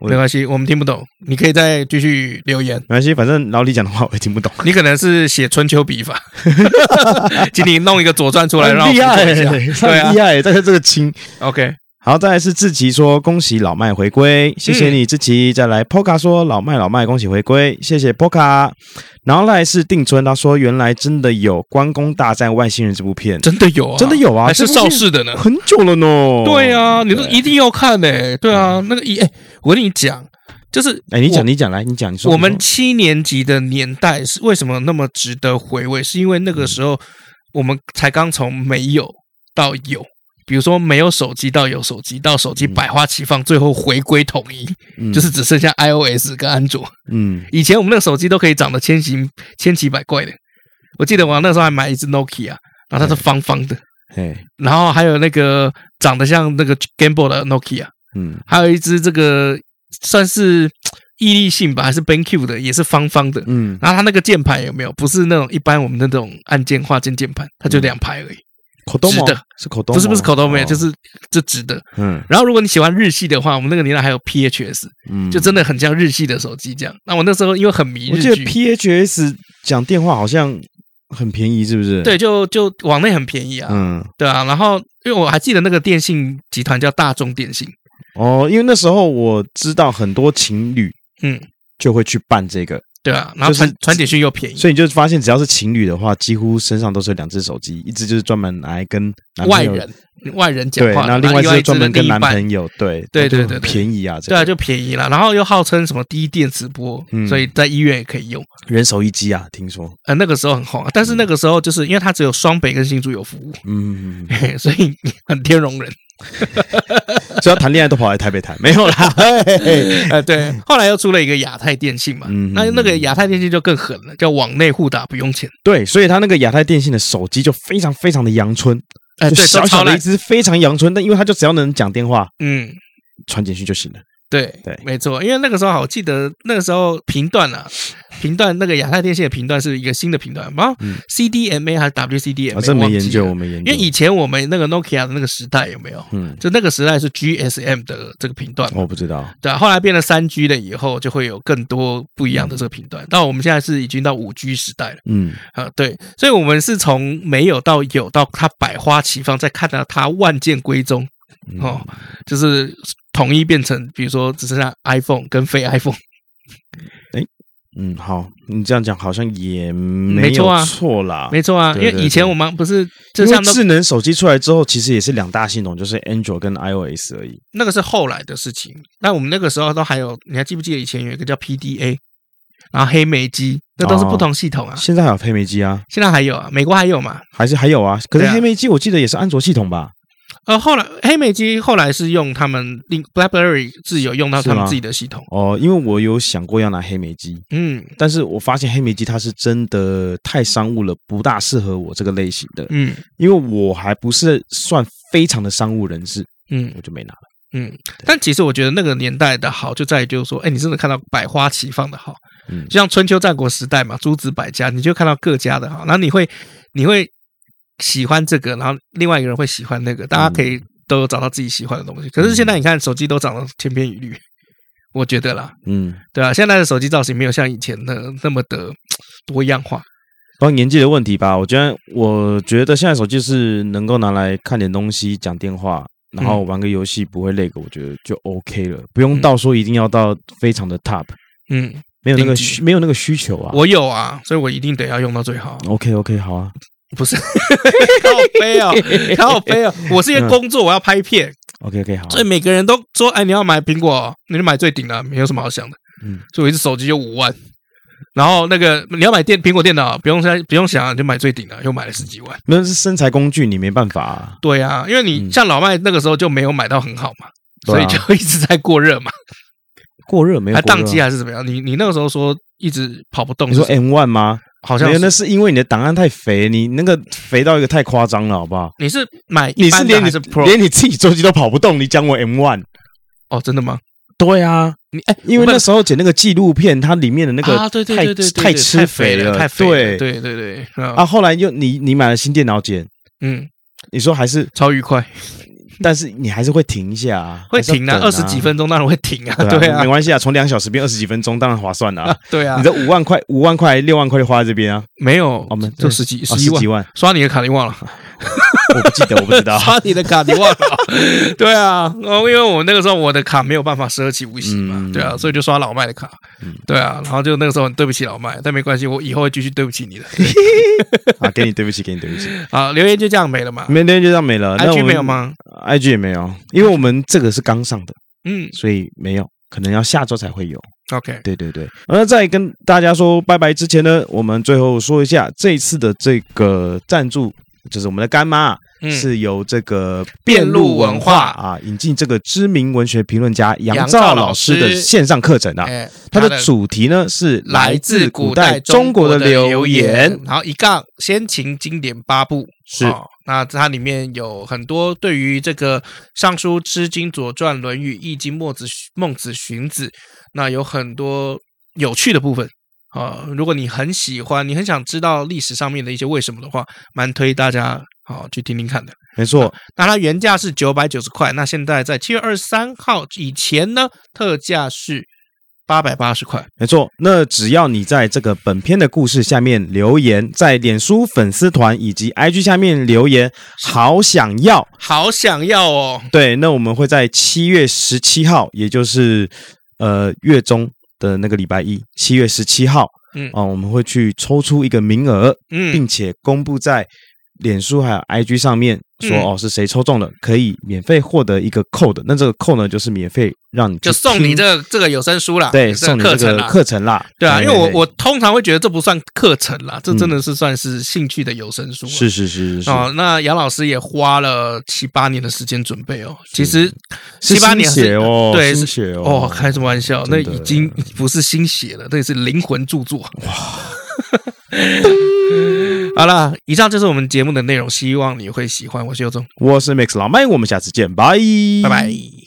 沒關係，我們聽不懂，你可以再繼續留言。沒關係，反正老李講的話我也聽不懂。你可能是寫春秋筆法，哈哈哈哈哈。請你弄一個左傳出來、欸、讓我看一下，厲害欸、對啊 對啊，但是這個親，OK。好，再來是志奇說：“恭喜老麥回歸，謝謝你，嗯、志奇。”再來 Poka 說：“老麥，老麥，恭喜回歸，謝謝 Poka。”然後來是定尊，他說：“原來真的有《關公大戰外星人》這部片，真的有、啊，真的有啊，還是邵氏的呢？真的很久了呢。”對啊，你都一定要看誒、欸、對啊對，那個……哎、欸，我跟你講，就是……哎、欸，你講，你講，來，你講，你說，我們七年級的年代是為什麼那麼值得回味？是因為那個時候、嗯、我們才剛從沒有到有。比如說，沒有手機到有手機，到手機百花齊放，最後回歸統一，嗯，就是只剩下 iOS 跟安卓。嗯，以前我們那個手機都可以長得千奇千奇百怪的。我記得我那時候還買一隻 Nokia，然後它是方方的。然後還有那個長得像那個 Gameboy 的 Nokia。嗯，還有一隻這個算是易利信吧，還是 BenQ 的，也是方方的。嗯，然後它那個鍵盤有沒有？不是那種一般我們那種按鍵畫鍵鍵盤，它就兩排而已、嗯。嗯。是的，是口頭，這是不是口頭沒？就是這直的。嗯，然後如果你喜歡日系的話，我們那個年代還有 PHS，嗯，就真的很像日系的手機這樣。那我那時候因為很迷，我記得 PHS 講電話好像很便宜，是不是？對，就就網內很便宜啊。嗯，對啊。然後因為我還記得那個電信集團叫大眾電信。哦，因為那時候我知道很多情侶，嗯，就會去辦這個。對啊，然後傳傳簡訊又便宜，就是，所以你就發現，只要是情侶的話，幾乎身上都是兩只手機，一只就是專門來跟男朋友外人。外人講話，然後另外一個專門跟男朋友，對對對,對對對，便宜啊、這個，對啊，就便宜了。然後又號稱什麼低電磁波、嗯，所以在醫院也可以用，人手一機啊，聽說。呃，那個時候很紅啊，但是那個時候就是因為它只有雙北跟新竹有服務，嗯，欸、所以很天容人，只 要談戀愛都跑來台北談，沒有啦。哎 對，後來又出了一個亞太電信嘛，那那個亞太電信就更狠了，叫網內互打不用錢。對，所以它那個亞太電信的手機就非常非常的陽春。哎，對，小小的一隻，非常陽春，但因為他就只要能講電話，嗯，傳簡訊就行了，嗯。對對，沒錯，因為那個時候好我記得，那個時候頻段啊，頻段那個亞太電信的頻段是一個新的頻段，然 後、啊、CDMA 還是 WCDMA，、啊、這沒研究，沒我們研究。因為以前我們那個 Nokia 的那個時代有沒有？嗯，就那個時代是 GSM 的這個頻段，我不知道。對啊，後來變了三 G 了以後，就會有更多不一樣的這個頻段、嗯。到我們現在是已經到五 G 時代了，嗯啊，對，所以我們是從沒有到有到它百花齊放，再看到它萬劍歸宗，哦、嗯，就是。統一變成，比如說只剩下 iPhone 跟非 iPhone、欸。哎，嗯，好，你這樣講好像也沒錯、啊、啦，沒錯啊對對對，因為以前我們不是，就像智能手機出來之後，其實也是兩大系統，就是 Android 跟 iOS 而已。那個是後來的事情，但我們那個時候都還有，你還記不記得以前有一個叫 PDA，然後黑莓機，那都是不同系統啊。哦、現在還有黑莓機啊？現在還有啊？美國還有嘛？還是還有啊？可是黑莓機我記得也是安卓系統吧？呃，後來黑莓機後來是用他們 BlackBerry 自己有用到他們自己的系統哦、呃，因為我有想過要拿黑莓機，嗯，但是我發現黑莓機它是真的太商務了，不大適合我這個類型的，嗯，因為我還不是算非常的商務人士，嗯，我就沒拿了，嗯，嗯。但其實我覺得那個年代的好就在於，就是說，哎、欸，你真的看到百花齊放的好，嗯，就像春秋戰國時代嘛，諸子百家，你就看到各家的好，然後你會，你會。喜歡這個，然後另外一個人會喜歡那個，大家可以都有找到自己喜歡的東西。嗯、可是現在你看，手機都長得千篇一律，我覺得啦，嗯，對啊，現在的手機造型沒有像以前的那麼的多樣化。關於年紀的問題吧，我覺得，我覺得現在手機是能夠拿來看點東西、講電話，然後玩個遊戲不會累的，我覺得就 OK 了，不用到說一定要到非常的 top，嗯，沒有那個沒有那個需求啊，我有啊，所以我一定得要用到最好。OK，OK，、okay, okay, 好啊。不是， 靠好飛啊，靠好飛啊！我是因為工作，我要拍片，嗯。OK OK，好。所以每個人都說：“哎，你要買蘋果，你就買最頂的，沒有什麼好想的。”嗯，所以我一直手機有五萬，然後那個你要買電蘋果電腦，不用再不用想，你就買最頂的，又買了十幾萬。嗯、那是生財工具，你沒辦法、啊。對啊，因為你像老麥那個時候就沒有買到很好嘛，嗯、所以就一直在過熱嘛。啊、 過熱沒有過熱、啊？還宕機還是怎麼樣？你你那個時候說一直跑不動，你說 M1 嗎？好像。沒有，那是因為你的檔案太肥，你那個肥到一個太誇張了，好不好？你是買，你是連你連你自己手機都跑不動，你講我 M One？哦，真的嗎？對啊，你、欸、哎，因為那時候剪那個紀錄片，它裡面的那個太啊，對對對，對太吃肥、肥了，對對對對啊，後來又你你買了新電腦剪，嗯，你說還是超愉快。但是你還是會停一下，啊，會停啊，啊二十幾分鐘，當然會停啊，對，啊對啊，沒關係啊，從兩小時變二十幾分鐘，當然划算啦，啊， 對啊，你的五萬塊、五萬塊、六萬塊就花在這邊啊，沒有，我們就十幾、哦、十幾萬，刷你的卡你忘了。 我不記得，我不知道。刷你的卡，你忘了？ 對啊，然後因為我那個時候我的卡沒有辦法十二期無息嘛，對啊，所以就刷老麥的卡。對啊，然後就那個時候很對不起老麥，但沒關係，我以後會繼續對不起你的。啊， 給你對不起，給你對不起。好，留言就這樣沒了嘛？沒留言就這樣沒了。IG 沒有嗎？啊，IG 也沒有，因為我們這個是剛上的，嗯，所以沒有，可能要下周才會有。OK，對對對。那在跟大家說拜拜之前呢，我們最後說一下這一次的這個贊助。就是我們的乾媽，嗯、是由這個遍路文化，路文化啊引進這個知名文學評論家楊照老師的線上課程啊。它的主題呢是來自古代中國的留言，然後、嗯、一槓先秦經典八部是、哦，那它裡面有很多對於這個尚書、詩經、左傳、論語、易經、墨子、孟子、荀子，那有很多有趣的部分。呃、哦，如果你很喜歡，你很想知道歷史上面的一些為什麼的話，蠻推大家好去聽聽看的。沒錯、啊，那它原價是九百九十塊，那現在在七月二十三號以前呢，特價是八百八十塊。沒錯，那只要你在這個本篇的故事下面留言，在臉書粉絲團以及 IG 下面留言，好想要，好想要哦。對，那我們會在七月十七號，也就是，呃，月中。的那個禮拜一，七月十七號，嗯，呃，我們會去抽出一個名額，嗯，並且公布在臉書還有 IG 上面。說哦，是誰抽中的可以免費獲得一個扣的？那這個扣呢，就是免費讓你就，就送你這個、這個有聲書啦，對，送你課程啦，這個課程啦，對啊，因為我對對對我，我通常會覺得這不算課程啦，這真的是算是興趣的有聲書、嗯，是是是是啊、哦。那楊老師也花了七八年的時間準備哦，其實七八年還是，是、哦、對哦是，哦，開什麼玩笑？那已經不是心血了，那也是靈魂著作哇。 好啦，以上就是我們節目的內容，希望你會喜歡。我是 y o 尤總，我是 Mix 老麥，我們下次見，拜拜拜拜。Bye bye